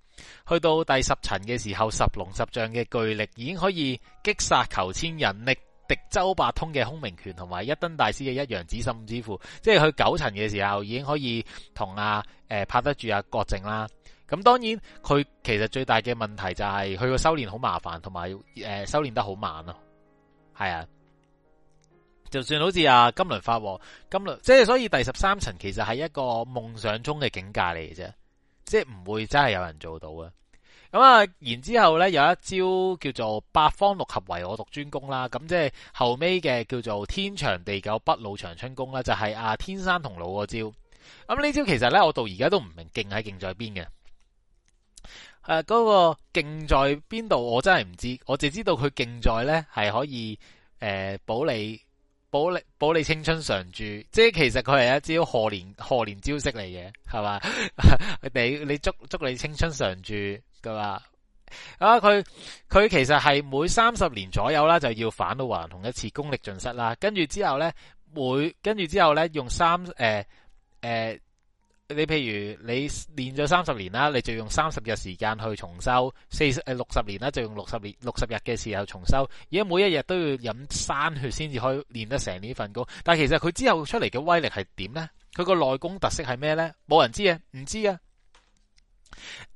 去到第十層嘅時候，十龍十象嘅巨力已經可以擊殺裘千仞，力敵周伯通嘅空明拳，同埋一燈大師嘅一陽指，甚至乎即係去九層嘅時候，已經可以同阿誒拍得住阿、啊、郭靖啦。咁當然，佢其實最大嘅問題就係佢個修煉好麻煩，同埋誒修煉得好慢咯。係啊，就算好似阿金輪法王、金輪，即係所以第十三層其實係一個夢想中嘅境界嚟嘅啫。即係唔會真係有人做到啊。咁、嗯、啊。然之後呢，有一招叫做八方六合唯我獨尊功啦。咁、啊、即係後尾嘅叫做天長地久不老長春功啦、啊，就係、是、啊天山童姥嗰招。咁、嗯、呢招其實呢，我到而家都唔明勁喺勁在邊嘅誒，嗰、啊那個勁在邊度我真係唔知。我只知道佢勁在呢，係可以誒、呃、保你。保你保你青春常駐，即係其實佢係一招賀年賀年招式嚟嘅，係嘛？ (laughs) 你你祝祝你青春常駐，噶嘛？啊，佢佢其實係每三十年左右啦，就要返老還童一次功力盡失啦，跟住之後呢每跟住之後呢用三誒誒。呃呃你譬如你練咗三十年啦，你就用三十日時間去重修；四十誒六十年啦，就用六十年六十日嘅時候重修。而家每一日都要飲生血先至可以練得成呢份功。但係其實佢之後出嚟嘅威力係點呢？佢個內功特色係咩呢？冇人知啊，唔知啊。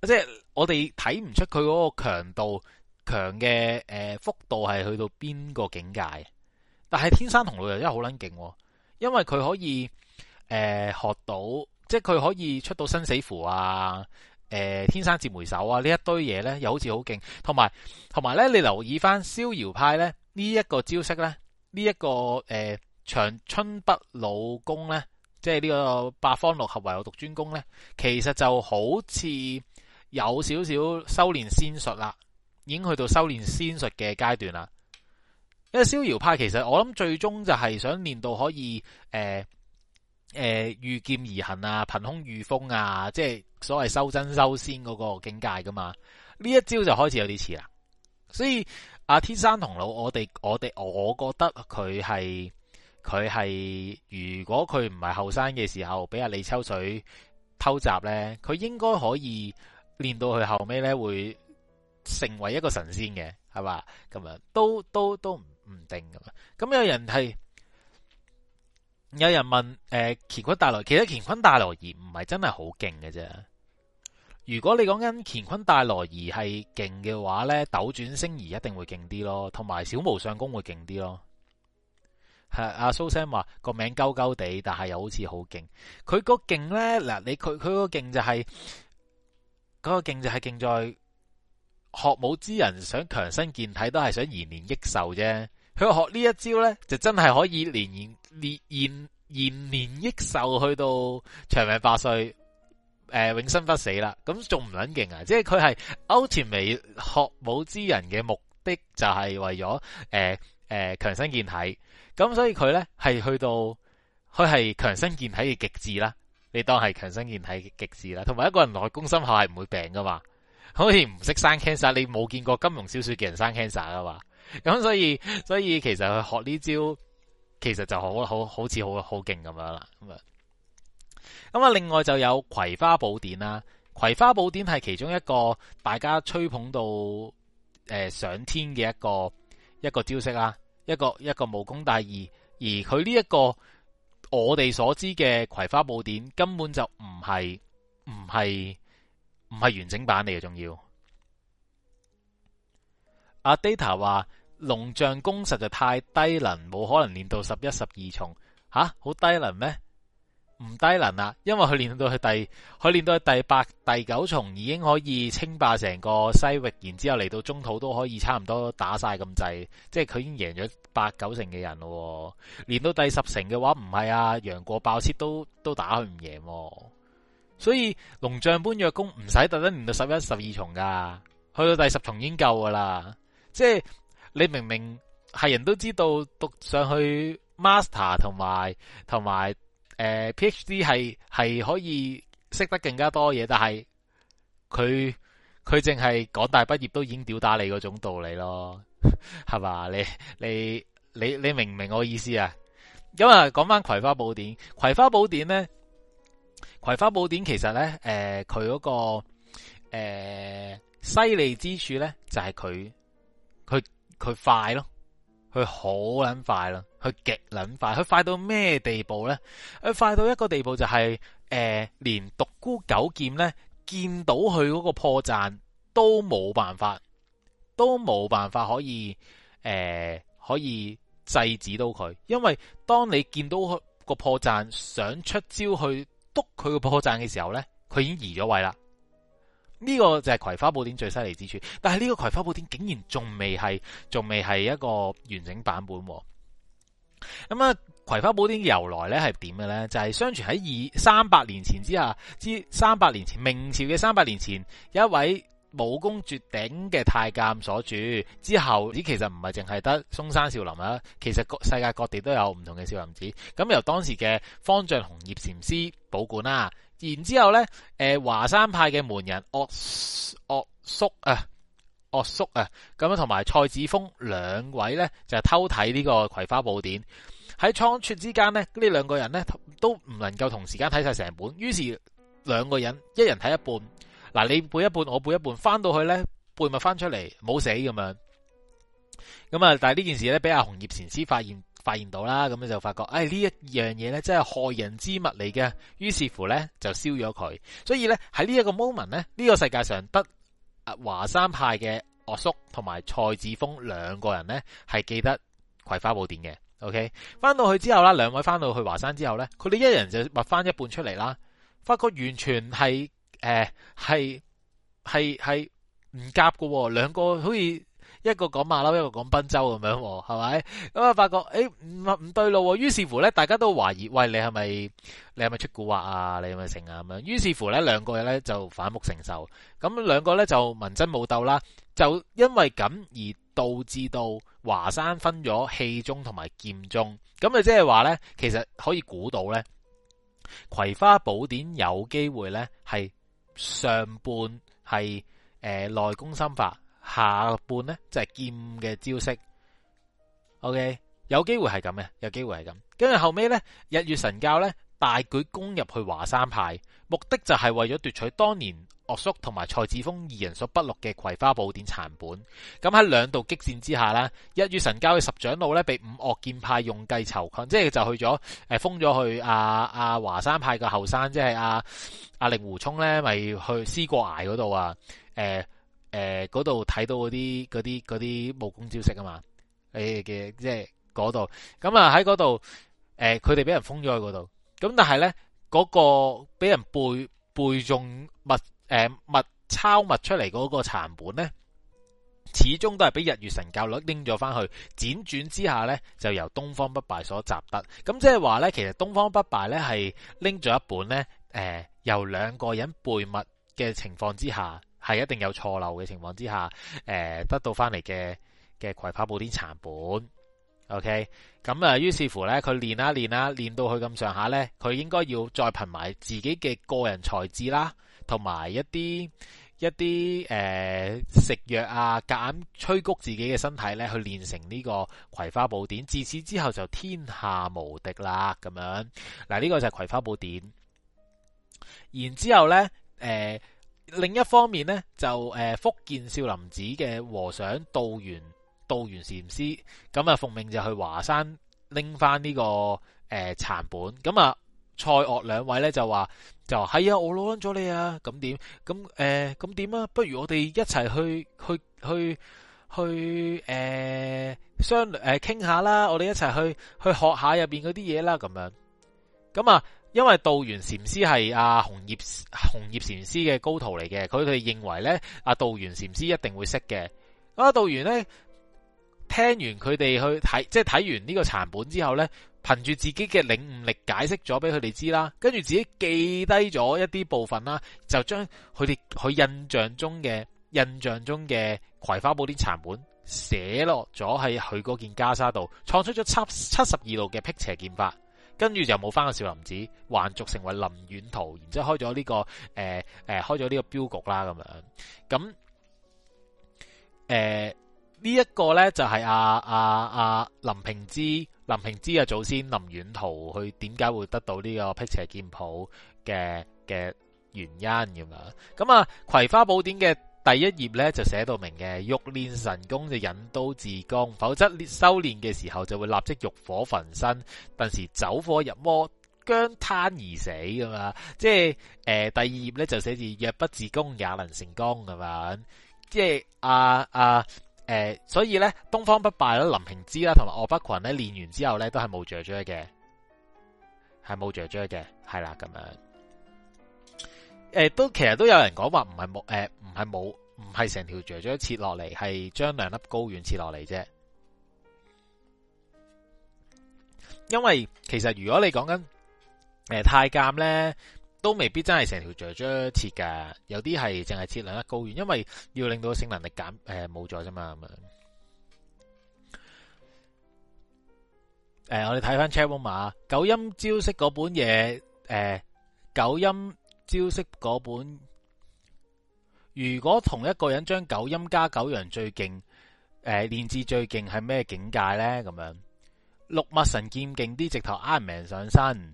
即係我哋睇唔出佢嗰個強度強嘅誒幅度係去到邊個境界。但係天山童姥又真係好撚勁，因為佢可以誒、呃、學到。即係佢可以出到生死符啊、呃，天生折梅手啊，呢一堆嘢呢，又好似好勁。同埋，同埋呢，你留意返逍遙派呢，呢、這、一個招式呢，呢、這、一個誒長、呃、春不老功呢，即係呢個八方六合唯我獨尊功呢，其實就好似有少少修煉仙術啦，已經去到修煉仙術嘅階段啦。因為逍遙派其實我諗最終就係想練到可以誒。呃誒、呃，御劍而行啊，憑空御風啊，即係所謂修真修仙嗰個境界噶嘛？呢一招就開始有啲似啦，所以阿、啊、天生同老，我哋我哋，我覺得佢係佢係，如果佢唔係後生嘅時候俾阿、啊、李秋水偷襲呢，佢應該可以練到佢後尾呢，會成為一個神仙嘅，係嘛？咁樣，都都都唔定噶嘛？咁有人係。有人問誒、呃，乾坤大挪移，其實乾坤大挪移唔係真係好勁嘅啫。如果你講緊乾坤大挪移係勁嘅話呢，斗轉星移一定會勁啲咯，同埋小無相功會勁啲咯。阿蘇生話個名鳩鳩地，但係又好似好勁。佢個勁呢，嗱你佢佢個勁就係、是、嗰、那個勁就係勁在學武之人想強身健體，都係想延年益壽啫。佢學呢一招咧，就真係可以延延延延年益壽，去到長命百歲，誒、呃、永生不死啦。咁仲唔撚勁啊？即係佢係 ultimate 學武之人嘅目的，就係、是、為咗誒誒強身健體。咁所以佢咧係去到，佢係強身健體嘅極致啦。你當係強身健體嘅極致啦。同埋一個人內功深厚係唔會病噶嘛，好似唔識生 cancer，你冇見過金庸小說嘅人生 cancer 噶嘛？咁所以所以其實佢學呢招，其實就好好好似好好勁咁樣啦。咁啊，咁啊，另外就有葵花寶典啦、啊。葵花寶典係其中一個大家吹捧到誒、呃、上天嘅一個一個招式啦、啊，一個一個武功大義。而佢呢一個我哋所知嘅葵花寶典根本就唔係唔係唔係完整版嚟嘅，仲要。阿 data 話。龍象功實在太低能，冇可能練到十一、十二重吓，好低能咩？唔低能啊！因為佢練到去第，佢練到去第八、第九重已經可以稱霸成個西域，然之後嚟到中土都可以差唔多打晒咁滯，即係佢已經贏咗八九成嘅人咯。練到第十成嘅話，唔係啊，楊過爆切都都打佢唔贏，所以龍象般若功唔使特登練到十一、十二重噶，去到第十重已經夠噶啦，即係。你明明係人都知道讀上去 master 同埋同埋誒 PhD 係係可以識得更加多嘢，但係佢佢淨係港大畢業都已經屌打你嗰種道理咯，係嘛？你你你你，你明唔明我意思啊？咁啊，講翻《葵花寶典》，《葵花寶典》咧，《葵花寶典》其實咧，誒、呃，佢嗰、嗰個誒犀利之處咧，就係佢佢。佢快咯，佢好撚快啦，佢極撚快，佢快，快到咩地步咧？佢快到一個地步就係、是、誒、呃，連獨孤九劍咧見到佢嗰個破綻都冇辦法，都冇辦法可以誒、呃、可以制止到佢，因為當你見到佢個破綻，想出招去督佢個破綻嘅時候咧，佢已經移咗位啦。呢、這個就係《葵花寶典》最犀利之處，但係呢個《葵花寶典》竟然仲未係，仲未係一個完整版本。咁啊，《葵花寶典》由來呢係點嘅呢？就係、是、相傳喺二三百年前之下，之三百年前明朝嘅三百年前，有一位武功絕頂嘅太監所著。之後咦，其實唔係淨係得嵩山少林啊，其實各世界各地都有唔同嘅少林寺。咁、嗯、由當時嘅方丈紅葉禪師保管啦。然之後咧、呃，華山派嘅門人岳岳叔啊，岳叔啊，咁樣同埋蔡子峰兩位咧就係偷睇呢個《葵花寶典》，喺倉促之間呢，呢兩個人咧都唔能夠同時間睇曬成本，於是兩個人一人睇一半，嗱，你背一半，我背一半，翻到去咧背咪翻出嚟冇死咁樣，咁啊，但係呢件事咧俾阿紅葉禪師發現，發現到啦，咁你就發覺，哎呢一樣嘢咧，真係害人之物嚟嘅。於是乎咧，就燒咗佢。所以咧，喺呢一個 moment 咧，呢個世界上得阿華山派嘅岳叔同埋蔡子峰兩個人咧，係記得《葵花寶典》嘅。OK，翻到去之後啦，兩位翻到去華山之後咧，佢哋一人就挖翻一半出嚟啦，發覺完全係誒係係係唔夾嘅，兩、呃、個好似。一個講馬騮，一個講賓州咁樣，係咪？咁啊發覺，誒唔係唔對路，啊，於是乎咧，大家都懷疑，喂，你係咪你係咪出古惑啊？你係咪成啊？咁樣，於是乎咧，兩個人咧就反目成仇，咁兩個咧就文爭武鬥啦，就因為咁而導致到華山分咗氣宗同埋劍宗。咁啊即係話咧，其實可以估到咧，《葵花寶典》有機會咧係上半係誒內功心法。下半呢，就係劍嘅招式，OK，有機會係咁嘅，有機會係咁。跟住後尾呢，日月神教呢，大舉攻入去華山派，目的就係為咗奪取當年岳叔同埋蔡子峰二人所不錄嘅《葵花寶典》殘本。咁喺兩度激戰之下啦，日月神教嘅十長老呢，被五岳劍派用計囚困，即係就去咗誒封咗去啊阿、啊、華山派嘅後山，即係阿阿令狐沖呢，咪去思過崖嗰度啊，誒。誒、呃，嗰度睇到嗰啲嗰啲嗰啲武功招式啊嘛，誒嘅即係嗰度，咁啊喺嗰度，誒佢哋俾人封咗喺嗰度，咁但係咧嗰個俾人背背誦物，誒、呃、物抄物出嚟嗰個殘本咧，始終都係俾日月神教攞拎咗翻去，輾轉之下咧就由東方不敗所集得，咁即係話咧，其實東方不敗咧係拎咗一本咧，誒、呃、由兩個人背物嘅情況之下。係一定有錯漏嘅情況之下，誒、呃，得到翻嚟嘅嘅葵花寶典殘本，OK，咁啊，於是乎呢，佢練啊練啊，練到佢咁上下呢，佢應該要再憑埋自己嘅個人才智啦，同埋一啲一啲誒、呃、食藥啊，夾硬吹谷自己嘅身體呢，去練成呢個葵花寶典。自此之後就天下無敵啦，咁樣嗱，呢、這個就係葵花寶典。然之後呢，誒、呃。另一方面咧，就誒、呃、福建少林寺嘅和尚道元道元禪師，咁啊奉命就去華山拎翻呢個誒殘、呃、本。咁啊，蔡岳兩位咧就話就係啊、哎，我攞咗你啊，咁點咁誒咁點啊？不如我哋一齊去去去去誒、呃，商誒傾、呃、下啦，我哋一齊去去學下入邊嗰啲嘢啦，咁樣咁啊。因為道元禪師係阿紅葉紅葉禪師嘅高徒嚟嘅，佢哋認為咧，阿道元禪師一定會識嘅。阿道元咧聽完佢哋去睇，即係睇完呢個殘本之後呢憑住自己嘅領悟力解釋咗俾佢哋知啦，跟住自己記低咗一啲部分啦，就將佢哋佢印象中嘅印象中嘅《葵花寶典》殘本寫落咗喺佢嗰件袈裟度，創出咗七七十二路嘅辟邪劍法。跟住就冇翻個少林寺，還俗成為林遠圖，然之後開咗呢、這個誒誒、呃，開咗呢個鏢局啦咁樣。咁誒呢一個呢，就係、是、啊啊啊林平之林平之嘅祖先林遠圖，佢點解會得到呢個辟邪劍譜嘅嘅原因咁樣。咁啊《葵花寶典》嘅。第一頁咧，就寫到明嘅，欲練神功就引刀自宮，否則修煉嘅時候就會立即慾火焚身，頓時走火入魔，僵癱而死噶嘛。即係誒、呃，第二頁咧，就寫住若不自宮也能成功噶嘛。即係啊啊，誒、啊呃，所以咧，東方不敗啦、林平之啦、同埋岳不群咧，練完之後咧，都係冇雀雀嘅，係冇雀雀嘅，係啦咁樣。誒，都其實都有人講話唔係冇，誒唔係冇，唔係成條雀雀切落嚟，係將兩粒睾丸切落嚟啫。因為其實如果你講緊誒太監呢，咧，都未必真係成條雀雀切噶，有啲係淨係切兩粒睾丸，因為要令到性能力減誒冇咗啫嘛。咁樣誒，我哋睇翻《check one 碼九陰招式》嗰本嘢，誒九陰。招式嗰本，如果同一個人將九陰加九陽最勁，誒、呃、練至最勁，係咩境界咧？咁樣六脈神劍勁啲，直頭啱命上身。誒、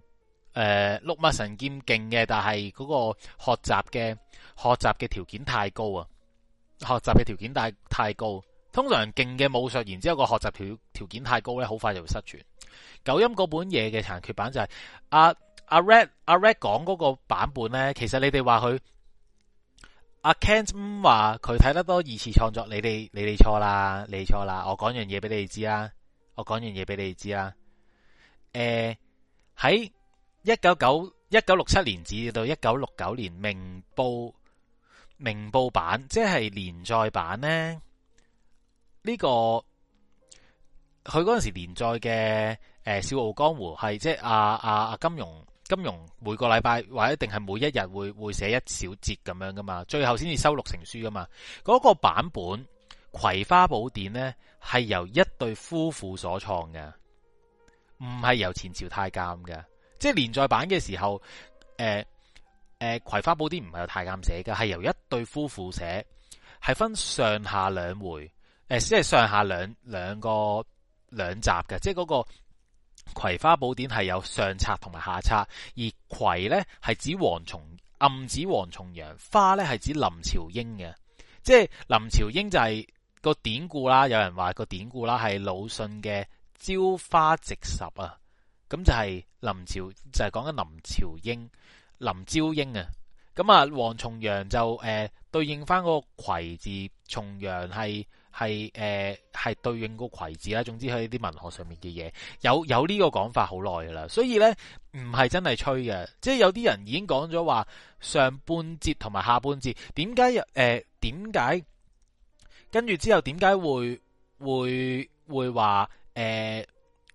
呃、六脈神劍勁嘅，但係嗰個學習嘅學習嘅條件太高啊！學習嘅條件太太高，通常勁嘅武術然之後個學習條條件太高咧，好快就會失傳。九陰嗰本嘢嘅殘缺版就係、是。阿、啊。阿 Red 阿 Red 講嗰個版本咧，其實你哋話佢阿 Canz 話佢睇得多二次創作，你哋你哋錯啦，你哋錯啦。我講樣嘢俾你哋知啦，我講樣嘢俾你哋知啦。誒、呃，喺一九九一九六七年至到一九六九年，《明報》《明報》版即係連載版咧，呢個佢嗰陣時連載嘅誒《笑傲江湖》係即係阿啊阿、啊、金庸。金庸每個禮拜或者一定係每一日會，會寫一小節咁樣噶嘛，最後先至收錄成書噶嘛。嗰、那個版本《葵花寶典》呢咧係由一對夫婦所創嘅，唔係由前朝太監嘅。即係連載版嘅時候、呃呃，《葵花寶典》唔係由太監寫嘅，係由一對夫婦寫，係分上下兩回，誒、呃、即係上下兩,兩個兩集嘅，即係嗰、那個。葵花寶典係有上冊同埋下冊，而葵咧係指王重，暗指王重陽，花咧係指林朝英嘅，即係林朝英就係個典故啦。有人話個典故啦係魯迅嘅朝花夕拾啊，咁就係林朝就係講緊林朝英、林朝英啊，咁啊王重陽就誒、呃、對應翻個葵字，重陽係。係誒係對應個葵字啦，總之佢啲文學上面嘅嘢有有呢個講法好耐㗎啦，所以呢，唔係真係吹嘅，即係有啲人已經講咗話上半節同埋下半節點解誒點解跟住之後點解會會會話誒、呃《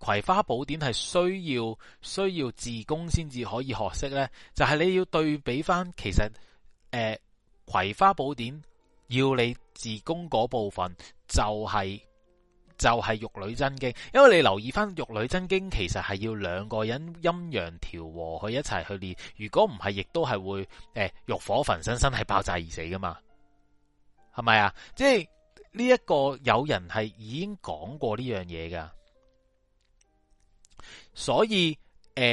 葵花寶典》係需要需要自宮先至可以學識呢？就係、是、你要對比翻其實誒、呃《葵花寶典》要你。自宮嗰部分就係、是、就係、是、玉女真經，因為你留意翻玉女真經其實係要兩個人陰陽調和去一齊去練，如果唔係，亦都係會誒欲火焚身，身係爆炸而死噶嘛，係咪啊？即係呢一個有人係已經講過呢樣嘢噶，所以誒、呃、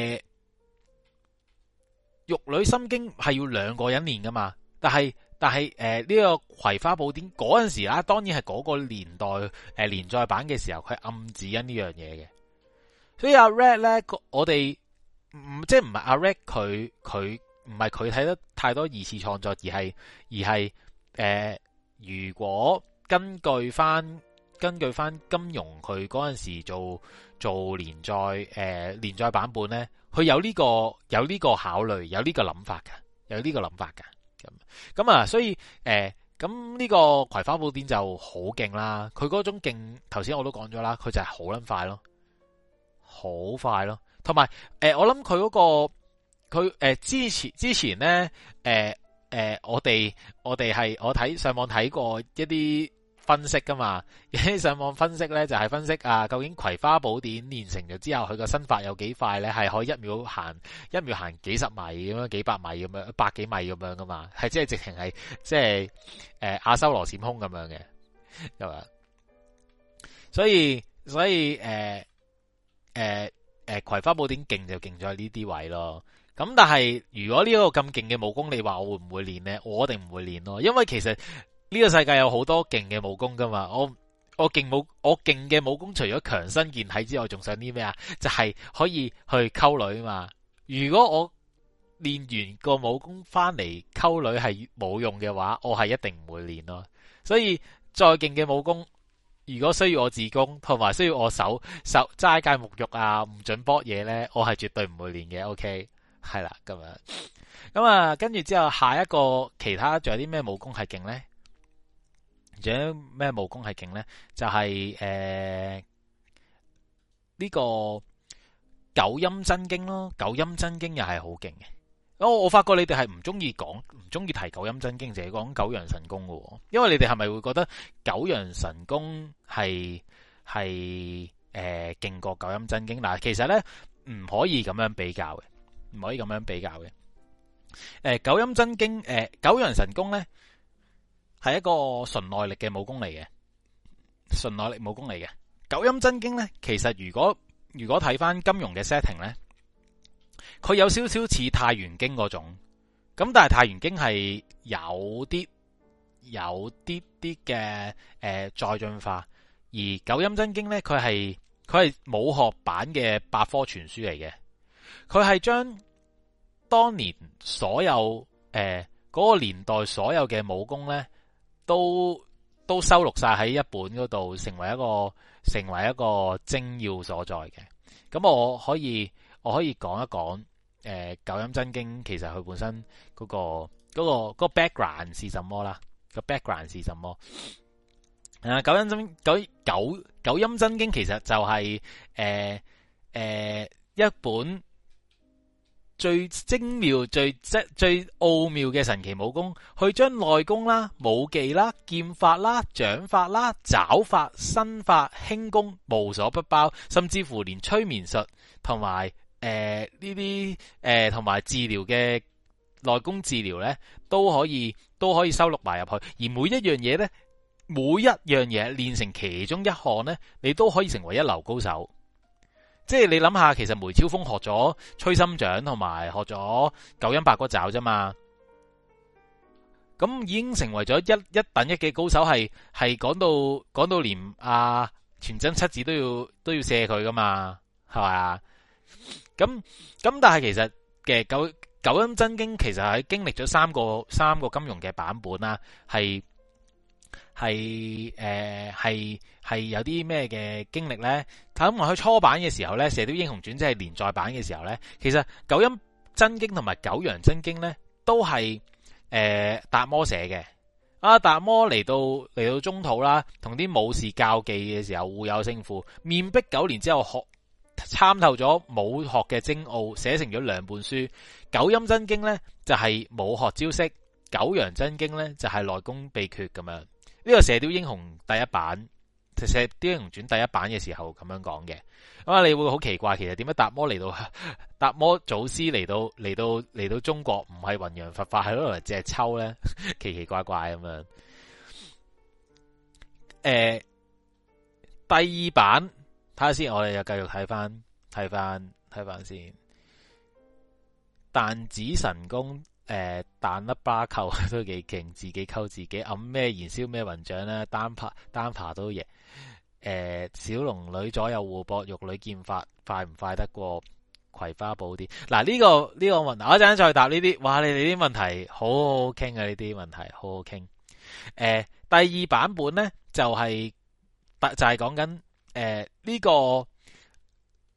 玉女心經係要兩個人練噶嘛，但係。但係誒，呢、呃這個葵花寶典嗰陣時啦，當然係嗰個年代誒、呃、連載版嘅時候，佢暗指因呢樣嘢嘅。所以阿 Red 咧，我哋唔即係唔係阿 Red 佢佢唔係佢睇得太多二次創作，而係而係誒、呃，如果根據翻根據翻金庸，佢嗰陣時做做連載誒、呃、連載版本咧，佢有呢、這個有呢個考慮，有呢個諗法噶，有呢個諗法噶。咁啊，所以誒，咁、呃、呢個葵花寶典就好勁啦，佢嗰種勁，頭先我都講咗啦，佢就係好捻快咯，好快咯，同埋誒，我諗佢嗰個佢誒、呃，之前之前咧，誒、呃、誒、呃，我哋我哋係我睇上網睇過一啲。分析噶嘛？你上網分析呢，就係、是、分析啊，究竟葵花寶典練成咗之後，佢個身法有幾快呢？係可以一秒行一秒行幾十米咁樣，幾百米咁樣，百幾米咁樣噶嘛？係即係直情係即係誒阿修羅閃空咁樣嘅，係嘛？所以所以誒誒誒，葵花寶典勁就勁在呢啲位咯。咁但係如果呢個咁勁嘅武功，你話我會唔會練呢？我一定唔會練咯，因為其實。呢、個世界有好多勁嘅武功噶嘛？我我勁武我勁嘅武功除咗強身健體之外，仲想啲咩啊？就係可以去溝女嘛。如果我練完個武功翻嚟溝女係冇用嘅話，我係一定唔會練咯。所以再勁嘅武功，如果需要我自宮，同埋需要我手手齋戒沐浴啊，唔准搏嘢呢，我係絕對唔會練嘅。O.K. 係啦，咁樣咁啊，跟住之後下一個其他仲有啲咩武功係勁呢？或者咩武功係勁咧？就係誒呢個九陰真經咯，九陰真經又係好勁嘅。哦，我發覺你哋係唔中意講，唔中意提九陰真經，就係講九陽神功嘅。因為你哋係咪會覺得九陽神功係係誒勁過九陰真經？嗱，其實咧，唔可以咁樣比較嘅，唔可以咁樣比較嘅。誒、呃，九陰真經，誒、呃，九陽神功咧，係一個純內力嘅武功嚟嘅，純內力武功嚟嘅。九陰真經咧，其實如果如果睇翻金庸嘅 setting 咧，佢有少少似太玄經嗰種，咁但係太玄經係有啲有啲啲嘅，誒、呃、再進化，而九陰真經咧，佢係佢係武學版嘅百科全書嚟嘅，佢係將當年所有誒嗰、呃那個年代所有嘅武功咧。都都收錄晒喺一本嗰度，成為一個成為一個精要所在嘅。咁我可以我可以講一講，誒、呃《九陰真經》其實佢本身嗰個嗰個嗰個 background 是什麼啦？個 background 是什麼？啊、呃，《九陰真九九九陰真經》其實就係誒誒一本。最精妙、最即最，最奧妙嘅神奇武功，去將內功啦、武技啦、劍法啦、掌法啦、爪法、身法、輕功，無所不包，甚至乎連催眠術同埋誒呢啲誒同埋治療嘅內功治療呢，都可以都可以收錄埋入去。而每一樣嘢呢，每一樣嘢練成其中一項呢，你都可以成為一流高手。即係你諗下，其實梅超風學咗摧心掌同埋學咗九陰白骨爪啫嘛，咁已經成為咗一一等一嘅高手是，係係講到講到連、啊、全真七子都要都要射佢噶嘛，係咪啊？咁咁但係其實嘅九九陰真經其實喺經歷咗三個三個金庸嘅版本啦，係。係誒係係有啲咩嘅經歷呢？咁我喺初版嘅時候呢，射雕英雄傳即係、就是、連載版嘅時候呢，其實九陰真經同埋九陽真經呢，都係誒、呃、達摩寫嘅。啊達摩嚟到嚟到中土啦，同啲武士較技嘅時候互有勝負，面壁九年之後學參透咗武學嘅精奧，寫成咗兩本書。九陰真經呢，就係、是、武學招式，九陽真經呢，就係、是、內功秘訣咁樣。呢、呢個射《射鵰英雄》第一版，《射鵰英雄傳》第一版嘅時候咁樣講嘅，咁啊你會好奇怪，其實點解達摩嚟到達摩祖師嚟到嚟到嚟到中國，唔係弘揚佛法，喺度嚟只係抽咧， (laughs) 奇奇怪怪咁樣。誒，第二版睇下先，我哋又繼續睇翻睇翻睇翻先，彈指神功。誒、呃，彈粒巴扣都幾勁，自己扣自己，暗、啊、咩燃燒咩雲掌啦，單爬單爬都贏。誒、呃，小龍女左右互搏，玉女劍法快唔快得過葵花寶典？嗱、啊，呢、這個呢、這個問題，我一陣再答呢啲。哇，你哋啲問題好好傾啊，呢啲問題好好傾。誒、呃，第二版本咧就係、是、就係講緊誒呢個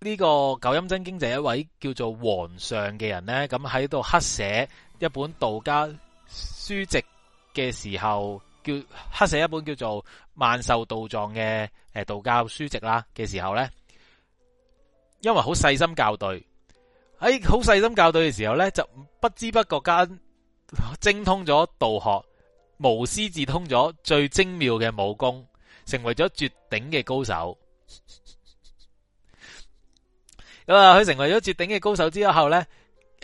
呢、這個九陰真經就係一位叫做皇上嘅人咧，咁喺度黑寫。一本道家書籍嘅時候，叫刻寫一本叫做《萬壽道藏》嘅誒道教書籍啦嘅時候呢，因為好細心校對，喺好細心校對嘅時候呢，就不知不覺間精通咗道學，無師自通咗最精妙嘅武功，成為咗絕頂嘅高手。咁啊，佢成為咗絕頂嘅高手之後呢。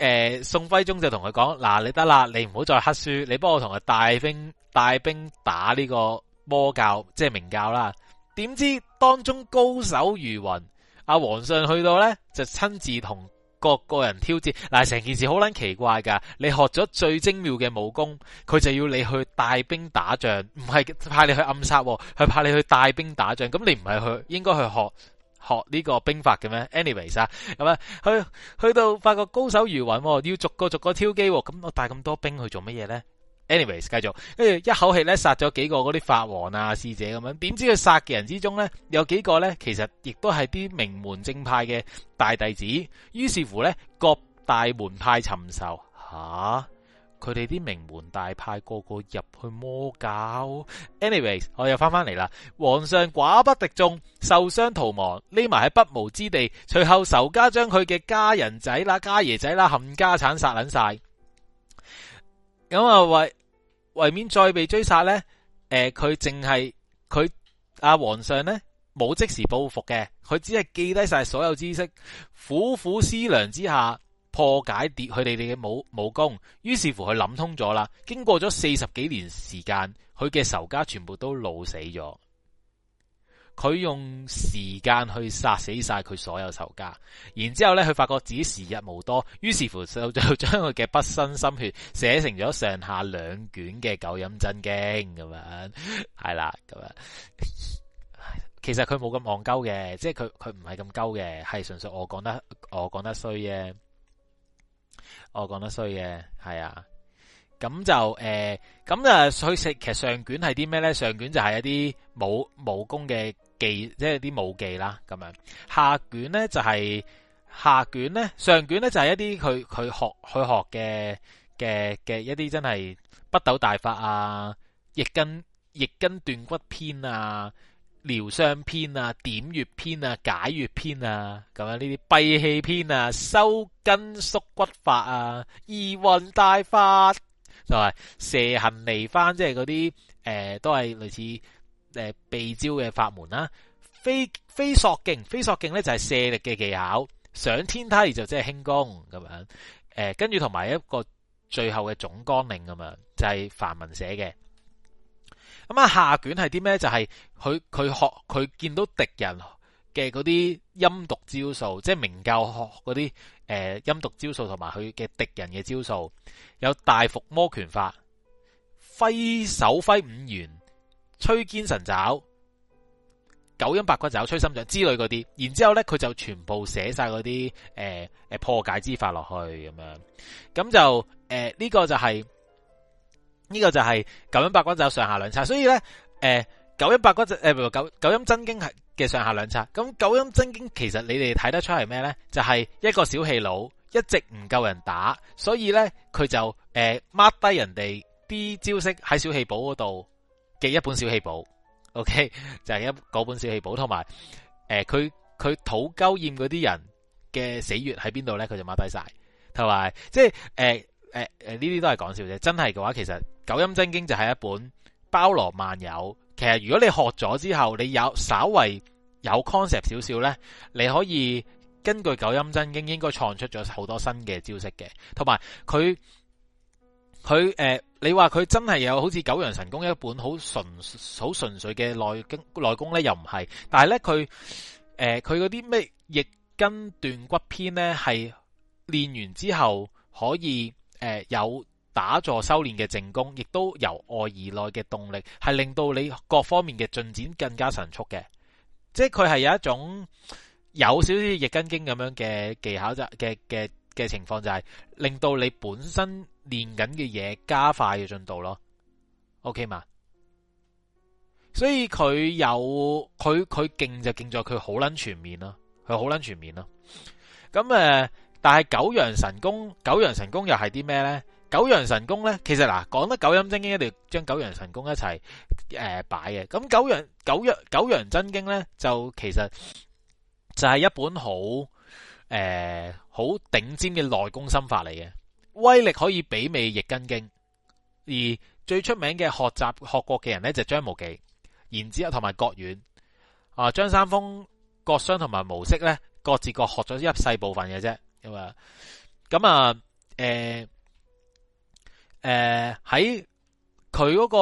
誒、呃，宋徽宗就同佢講：嗱、啊，你得啦，你唔好再黑書，你幫我同佢帶兵帶兵打呢個魔教，即係明教啦。點知當中高手如雲，阿皇上去到呢，就親自同各個人挑戰。嗱、啊，成件事好撚奇怪噶，你學咗最精妙嘅武功，佢就要你去帶兵打仗，唔係派你去暗殺、啊，係派你去帶兵打仗。咁你唔係去，應該去學。學呢個兵法嘅咩？anyways 啊，咁啊去去到發覺高手如雲，要逐個逐個挑機，咁我帶咁多兵去做乜嘢呢？anyways 繼續，跟住一口氣咧殺咗幾個嗰啲法王啊、使者咁樣，點知佢殺嘅人之中呢，有幾個呢，其實亦都係啲名門正派嘅大弟子，於是乎呢，各大門派尋仇吓。啊佢哋啲名門大派個個入去魔搞，anyways 我又翻翻嚟啦。皇上寡不敵眾，受傷逃亡，匿埋喺不毛之地。隨後仇家將佢嘅家人仔啦、家爺仔啦，冚家產殺捻晒。咁啊，為為免再被追殺呢，誒、呃，佢淨係佢阿皇上呢冇即時報復嘅，佢只係記低晒所有知識，苦苦思量之下。破解跌佢哋哋嘅武武功，於是乎佢諗通咗啦。經過咗四十幾年時間，佢嘅仇家全部都老死咗。佢用時間去殺死晒佢所有仇家，然之後呢，佢發覺自己時日無多，於是乎就就將佢嘅畢生心血寫成咗上下兩卷嘅《九陰真經》咁樣係啦。咁樣，樣其實佢冇咁戇鳩嘅，即係佢佢唔係咁鳩嘅，係純粹我講得我講得衰嘅。我講得衰嘅，係啊，咁就誒，咁、呃、啊，佢食其實上卷係啲咩咧？上卷就係一啲武武功嘅技，即係啲武技啦。咁樣下卷咧就係、是、下卷咧，上卷咧就係一啲佢佢學佢學嘅嘅嘅一啲真係北斗大法啊，易筋、易筋斷骨篇啊。療傷篇啊，點穴篇啊，解穴篇啊，咁樣呢啲閉氣篇啊，收筋縮骨法啊，移魂大法就係蛇行狸翻，即係嗰啲誒，都係類似誒、呃、祕招嘅法門啦、啊。飛飛索勁，飛索勁咧就係卸力嘅技巧。上天梯就即係輕功咁樣。誒、呃，跟住，同埋一個最後嘅總綱領咁啊，就係、是、梵文寫嘅。咁啊，下卷係啲咩？就係佢佢學佢見到敵人嘅嗰啲陰毒招數，即係明教學嗰啲誒陰毒招數，同埋佢嘅敵人嘅招數，有大伏魔拳法、揮手揮五元、摧堅神爪、九陰白骨爪、摧心掌之類嗰啲。然之後呢，佢就全部寫晒嗰啲誒誒破解之法落去咁樣。咁就誒呢、呃這個就係、是。呢、這個就係九陰白骨，就有上下兩冊，所以咧，誒、呃，九陰白骨，就、呃、誒九九陰真經係嘅上下兩冊。咁九陰真經其實你哋睇得出係咩咧？就係、是、一個小氣佬一直唔夠人打，所以咧佢就誒抹低人哋啲招式喺小氣簿嗰度嘅一本小氣簿，OK 就係一本小氣簿同埋誒佢佢討鳩厭嗰啲人嘅死穴喺邊度咧？佢就抹低晒同埋，即係誒誒誒呢啲都係講笑啫。真係嘅話，其實。九陰真經就係一本包羅萬有，其實如果你學咗之後，你有稍為有 concept 少少呢，你可以根據九陰真經應該創出咗好多新嘅招式嘅，同埋佢佢誒，你話佢真係有好似九陽神功一本好純好純粹嘅內經內功呢？又唔係，但係呢，佢佢嗰啲咩易筋斷骨篇呢？係練完之後可以誒、呃、有。打坐修煉嘅靜功，亦都由外而內嘅動力，係令到你各方面嘅進展更加神速嘅。即係佢係有一種有少少易筋經咁樣嘅技巧就嘅嘅嘅情況，就係、是、令到你本身練緊嘅嘢加快嘅進度咯。OK 嘛？所以佢有佢佢勁就勁在佢好捻全面咯，佢好捻全面咯。咁、嗯、誒、呃，但係九陽神功九陽神功又係啲咩呢？九陽神功呢，其實嗱講得九陰真經一定要將九陽神功一齊誒擺嘅。咁、呃、九陽九陽九陽真經呢，就其實就係、是、一本好誒好頂尖嘅內功心法嚟嘅，威力可以媲美易筋經。而最出名嘅學習學過嘅人呢，就張、是、無忌，然之後同埋郭遠啊，張三豐、郭襄同埋模式呢，各自各學咗一細部分嘅啫。咁啊，咁、呃、啊，誒。誒、呃，喺佢嗰個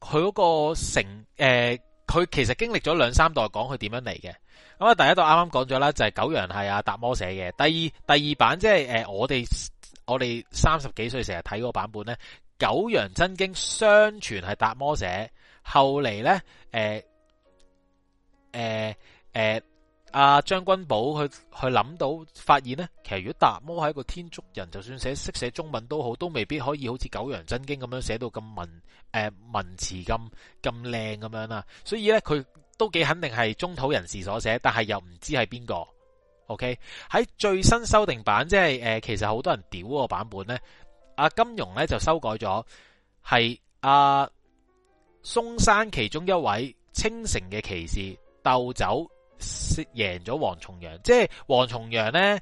佢個城，誒、呃，佢其實經歷咗兩三代講佢點樣嚟嘅。咁啊，第一代啱啱講咗啦，就係、是、九陽係阿達摩寫嘅。第二第二版即係誒，我哋我哋三十幾歲成日睇嗰個版本咧，九陽真經相傳係達摩寫，後嚟咧，誒、呃，誒、呃，誒、呃。阿張君寶去去諗到發現呢，其實如果達摩係一個天竺人，就算寫識寫中文都好，都未必可以好似《九陽真經寫》咁、呃、樣寫到咁文誒文詞咁咁靚咁樣啦。所以呢，佢都幾肯定係中土人士所寫，但係又唔知係邊個。OK 喺最新修訂版，即係誒、呃，其實好多人屌個版本、啊、呢，阿金庸呢就修改咗，係啊，嵩山其中一位清城嘅騎士斗走。識贏咗王重陽，即係王重陽呢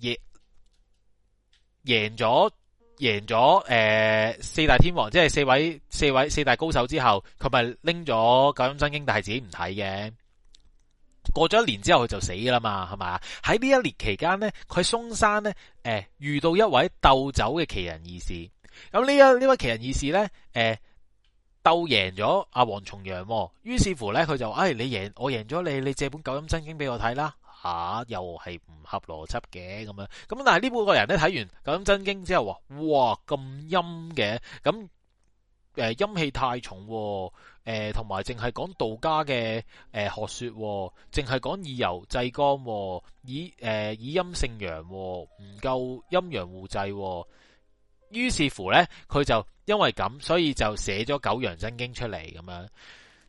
贏贏咗贏咗誒四大天王，即係四位四位四大高手之後，佢咪拎咗《九陰真經》，但係自己唔睇嘅。過咗一年之後，佢就死啦嘛，係嘛？喺呢一年期間呢，佢嵩山呢，誒、呃、遇到一位鬥酒嘅奇人異士。咁呢一呢位奇人異士呢，誒、呃。鬥贏咗阿王重陽，於是乎呢，佢就話，哎，你贏我贏咗你，你借本《九陰真經》俾我睇啦！吓，又係唔合邏輯嘅咁樣。咁但係呢半個人呢，睇完《九陰真經》之後，哇，咁陰嘅，咁誒、呃、陰氣太重，誒同埋淨係講道家嘅、呃、學說喎，淨係講以柔制剛，以誒、呃、以陰勝陽，唔夠陰陽互濟喎。於是乎呢，佢就因為咁，所以就寫咗《九陽真經》出嚟咁樣。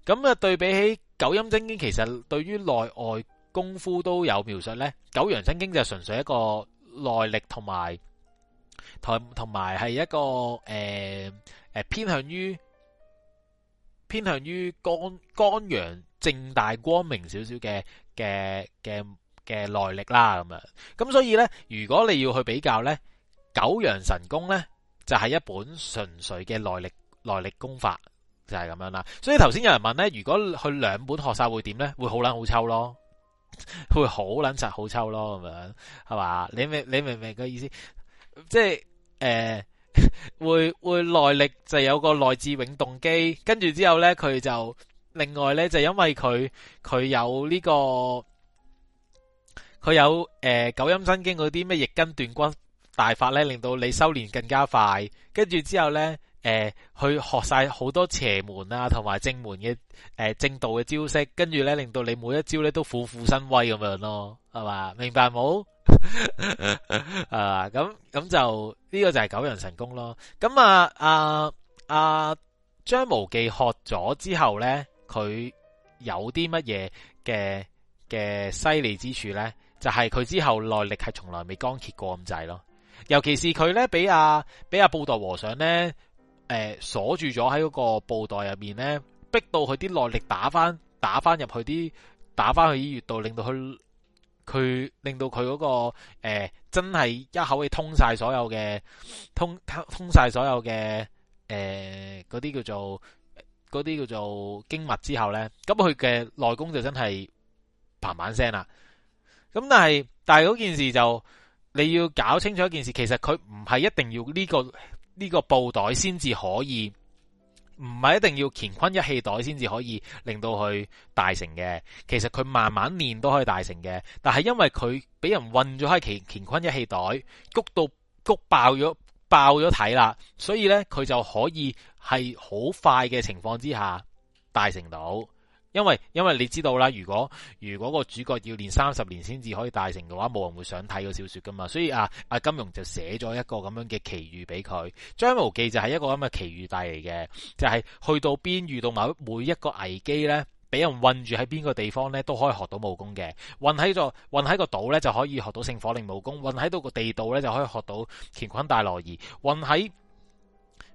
咁啊，對比起《九陰真經》，其實對於內外功夫都有描述呢，《九陽真經》就純粹一個內力同埋同同埋係一個誒誒、呃呃、偏向於偏向於乾乾陽正大光明少少嘅嘅嘅嘅內力啦咁啊。咁所以呢，如果你要去比較呢。九陽神功呢，就係、是、一本純粹嘅內力內力功法就係、是、咁樣啦，所以頭先有人問呢，如果佢兩本學晒會點呢？會好捻好抽咯，會好捻實好抽咯咁樣係嘛？你明你明唔明個意思？即係誒、呃，會會內力就有個內置永動機，跟住之後呢，佢就另外呢，就因為佢佢有呢、這個佢有誒、呃、九陰真經嗰啲咩易筋斷骨。大法咧，令到你修煉更加快，跟住之後呢，誒、呃，去學晒好多邪門啊，同埋正門嘅誒、呃、正道嘅招式，跟住呢，令到你每一招都虎虎生威咁樣咯，係嘛？明白冇？係咁咁就呢、這個就係九人神功咯。咁啊啊啊，張、啊啊、無忌學咗之後呢，佢有啲乜嘢嘅嘅犀利之處呢？就係、是、佢之後內力係從來未乾竭過咁滯咯。尤其是佢咧，俾阿俾阿布袋和尚咧，誒、呃、鎖住咗喺嗰個布袋入面咧，逼到佢啲內力打翻打翻入去啲打翻去啲穴道，令到佢佢令到佢嗰、那個誒、呃、真係一口氣通晒所有嘅通通晒所有嘅誒嗰啲叫做嗰啲叫做經脈之後咧，咁佢嘅內功就真係嘭嘭聲啦。咁但係但係嗰件事就。你要搞清楚一件事，其實佢唔係一定要呢個呢個布袋先至可以，唔係一定要乾坤一氣袋先至可以令到佢大成嘅。其實佢慢慢練都可以大成嘅，但係因為佢俾人韞咗喺乾乾坤一氣袋，谷到谷爆咗爆咗體啦，所以咧佢就可以係好快嘅情況之下大成到。因為因為你知道啦，如果如果個主角要練三十年先至可以大成嘅話，冇人會想睇個小說噶嘛。所以啊，阿金庸就寫咗一個咁樣嘅奇遇俾佢，張無忌就係、是、一個咁嘅奇遇帶嚟嘅，就係、是、去到邊遇到某每一個危機呢，俾人困住喺邊個地方呢都可以學到武功嘅。困喺個困喺個島呢就可以學到聖火令武功，困喺到個地道呢就可以學到乾坤大挪移，困喺。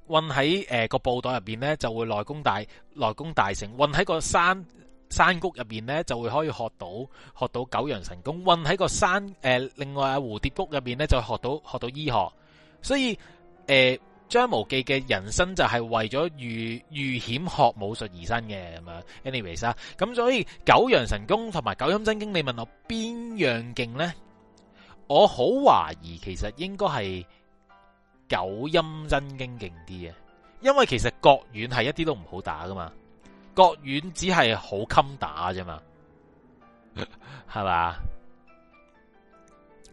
混喺誒個布袋入邊咧，就會內功大內功大成。混喺個山山谷入邊咧，就會可以學到學到九陽神功。混喺個山誒、呃，另外阿蝴蝶谷入邊咧，就學到學到醫學。所以誒、呃、張無忌嘅人生就係為咗遇遇險學武術而生嘅咁樣。Anyways 啊，咁所以九陽神功同埋九陰真經，你問我邊樣勁咧？我好懷疑，其實應該係。九陰真經勁啲嘅，因為其實郭院係一啲都唔好打噶嘛。郭院只係好襟打啫嘛，係 (laughs) 嘛？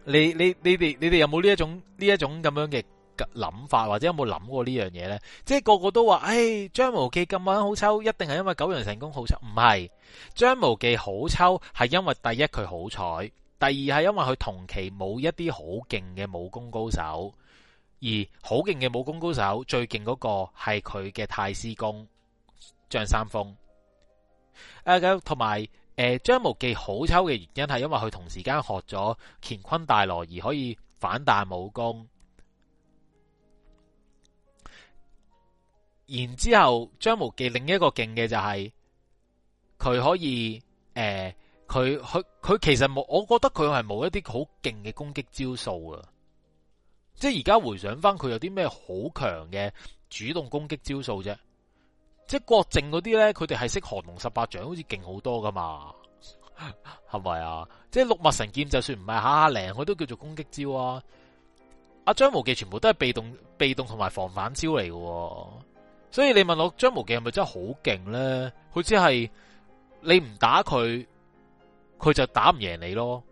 你你你哋你哋有冇呢一種呢一種咁樣嘅諗法，或者有冇諗過呢樣嘢呢？即係個個都話，誒、哎，張無忌咁晚好抽，一定係因為九陽神功好抽，唔係張無忌好抽，係因為第一佢好彩，第二係因為佢同期冇一啲好勁嘅武功高手。而好勁嘅武功高手，最勁嗰個係佢嘅太師公張三豐。誒、呃，同埋誒，張、呃、無忌好抽嘅原因係因為佢同時間學咗乾坤大挪移，而可以反彈武功。然之後張無忌另一個勁嘅就係、是、佢可以誒，佢佢佢其實冇，我覺得佢係冇一啲好勁嘅攻擊招數啊。即係而家回想翻，佢有啲咩好強嘅主動攻擊招數啫？即係郭靖嗰啲咧，佢哋係識《降龍十八掌》，好似勁好多噶嘛，係 (laughs) 咪啊？即係六脈神劍，就算唔係下下靈，佢都叫做攻擊招啊！阿張無忌全部都係被動、被動同埋防反招嚟嘅，所以你問我張無忌係咪真係好勁咧？佢只係你唔打佢，佢就打唔贏你咯；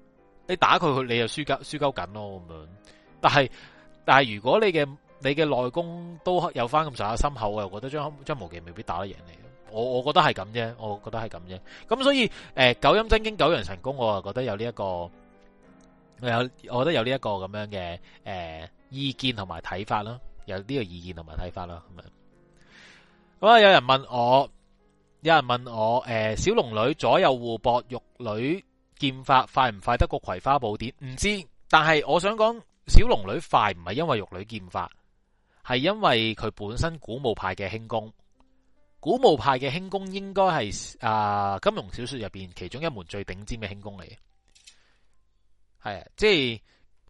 你打佢，佢你又輸交輸交緊咯，咁樣。但係，但係如果你嘅你嘅內功都有翻咁上下深厚，我又覺得張張無忌未必打得贏你。我我覺得係咁啫，我覺得係咁啫。咁所以誒，呃《九陰真經》《九陽神功》，我又覺得有呢、這、一個有，我覺得有呢一個咁樣嘅誒、呃、意見同埋睇法啦。有呢個意見同埋睇法啦。咁啊，有人問我，有人問我，誒、呃，《小龍女》左右互搏，玉女劍法快唔快得過《葵花寶典》？唔知，但係我想講。小龍女快唔係因為玉女劍法，係因為佢本身古墓派嘅輕功。古墓派嘅輕功應該係啊，金庸小說入邊其中一門最頂尖嘅輕功嚟嘅。係啊，即係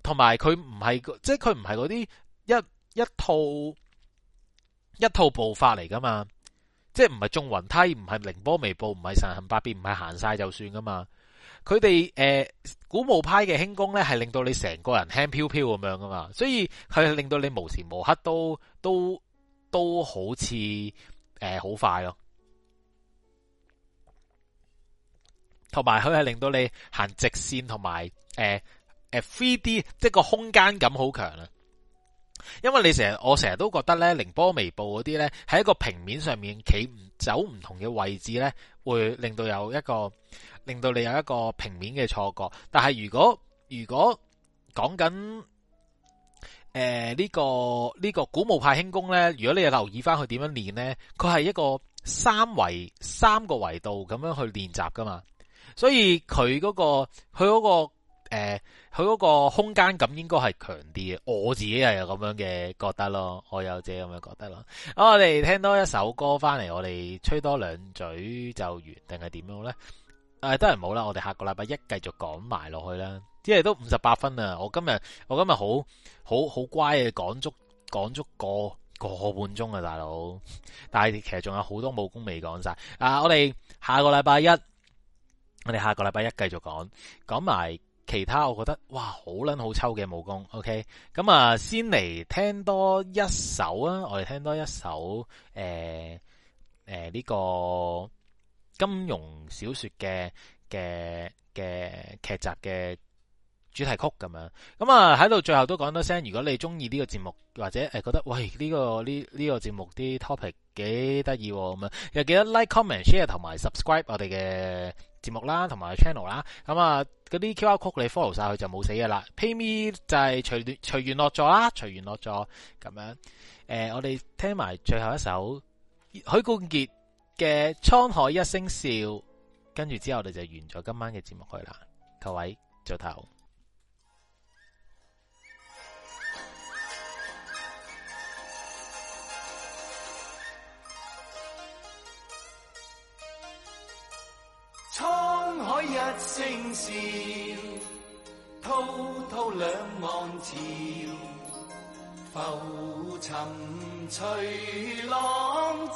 同埋佢唔係，即係佢唔係嗰啲一一套一套步法嚟噶嘛即係唔係縱雲梯，唔係凌波微步，唔係神行百變，唔係行晒就算噶嘛佢哋誒古墓派嘅輕功咧，係令到你成個人輕飄飄咁樣噶嘛，所以佢係令到你無時無刻都都都好似誒好快咯，同埋佢係令到你行直線同埋誒誒 3D，即係個空間感好強啊！因為你成日我成日都覺得咧，凌波微步嗰啲咧喺一個平面上面企唔走唔同嘅位置咧，會令到有一個。令到你有一個平面嘅錯覺，但係如果，如果講緊誒呢個呢個古墓派輕功呢，如果你又留意翻佢點樣練呢？佢係一個三維三個維度咁樣去練習噶嘛，所以佢嗰個佢嗰個誒佢嗰個空間感應該係強啲嘅。我自己係有咁樣嘅覺得咯，我有自己咁樣覺得咯。好，我哋聽多一首歌翻嚟，我哋吹多兩嘴就完，定係點樣呢？誒、啊，當然冇啦，我哋下個禮拜一繼續講埋落去啦，因為都五十八分啦。我今日我今日好好好乖嘅，講足講足個個半鐘啊，大佬。但係其實仲有好多武功未講晒。啊，我哋下個禮拜一，我哋下個禮拜一繼續講，講埋其他。我覺得哇，好捻好抽嘅武功。OK，咁啊，先嚟聽多一首啊，我哋聽多一首誒誒呢個。金庸小説嘅嘅嘅劇集嘅主題曲咁樣，咁啊喺度最後都講多聲，如果你中意呢個節目，或者、欸、覺得喂呢個呢呢個節目啲 topic 幾得意喎咁樣，又記得 like、comment、share 同埋 subscribe 我哋嘅節目啦，同埋 channel 啦，咁啊嗰啲 QR code 你 follow 晒佢就冇死嘅啦。Pay me 就係隨隨緣落座啦，隨緣落座咁樣。呃、我哋聽埋最後一首許冠傑嘅滄海一聲笑，跟住之後你就完咗今晚嘅節目去啦，各位早唞。滄海一聲笑，滔滔兩岸潮，浮沉隨浪。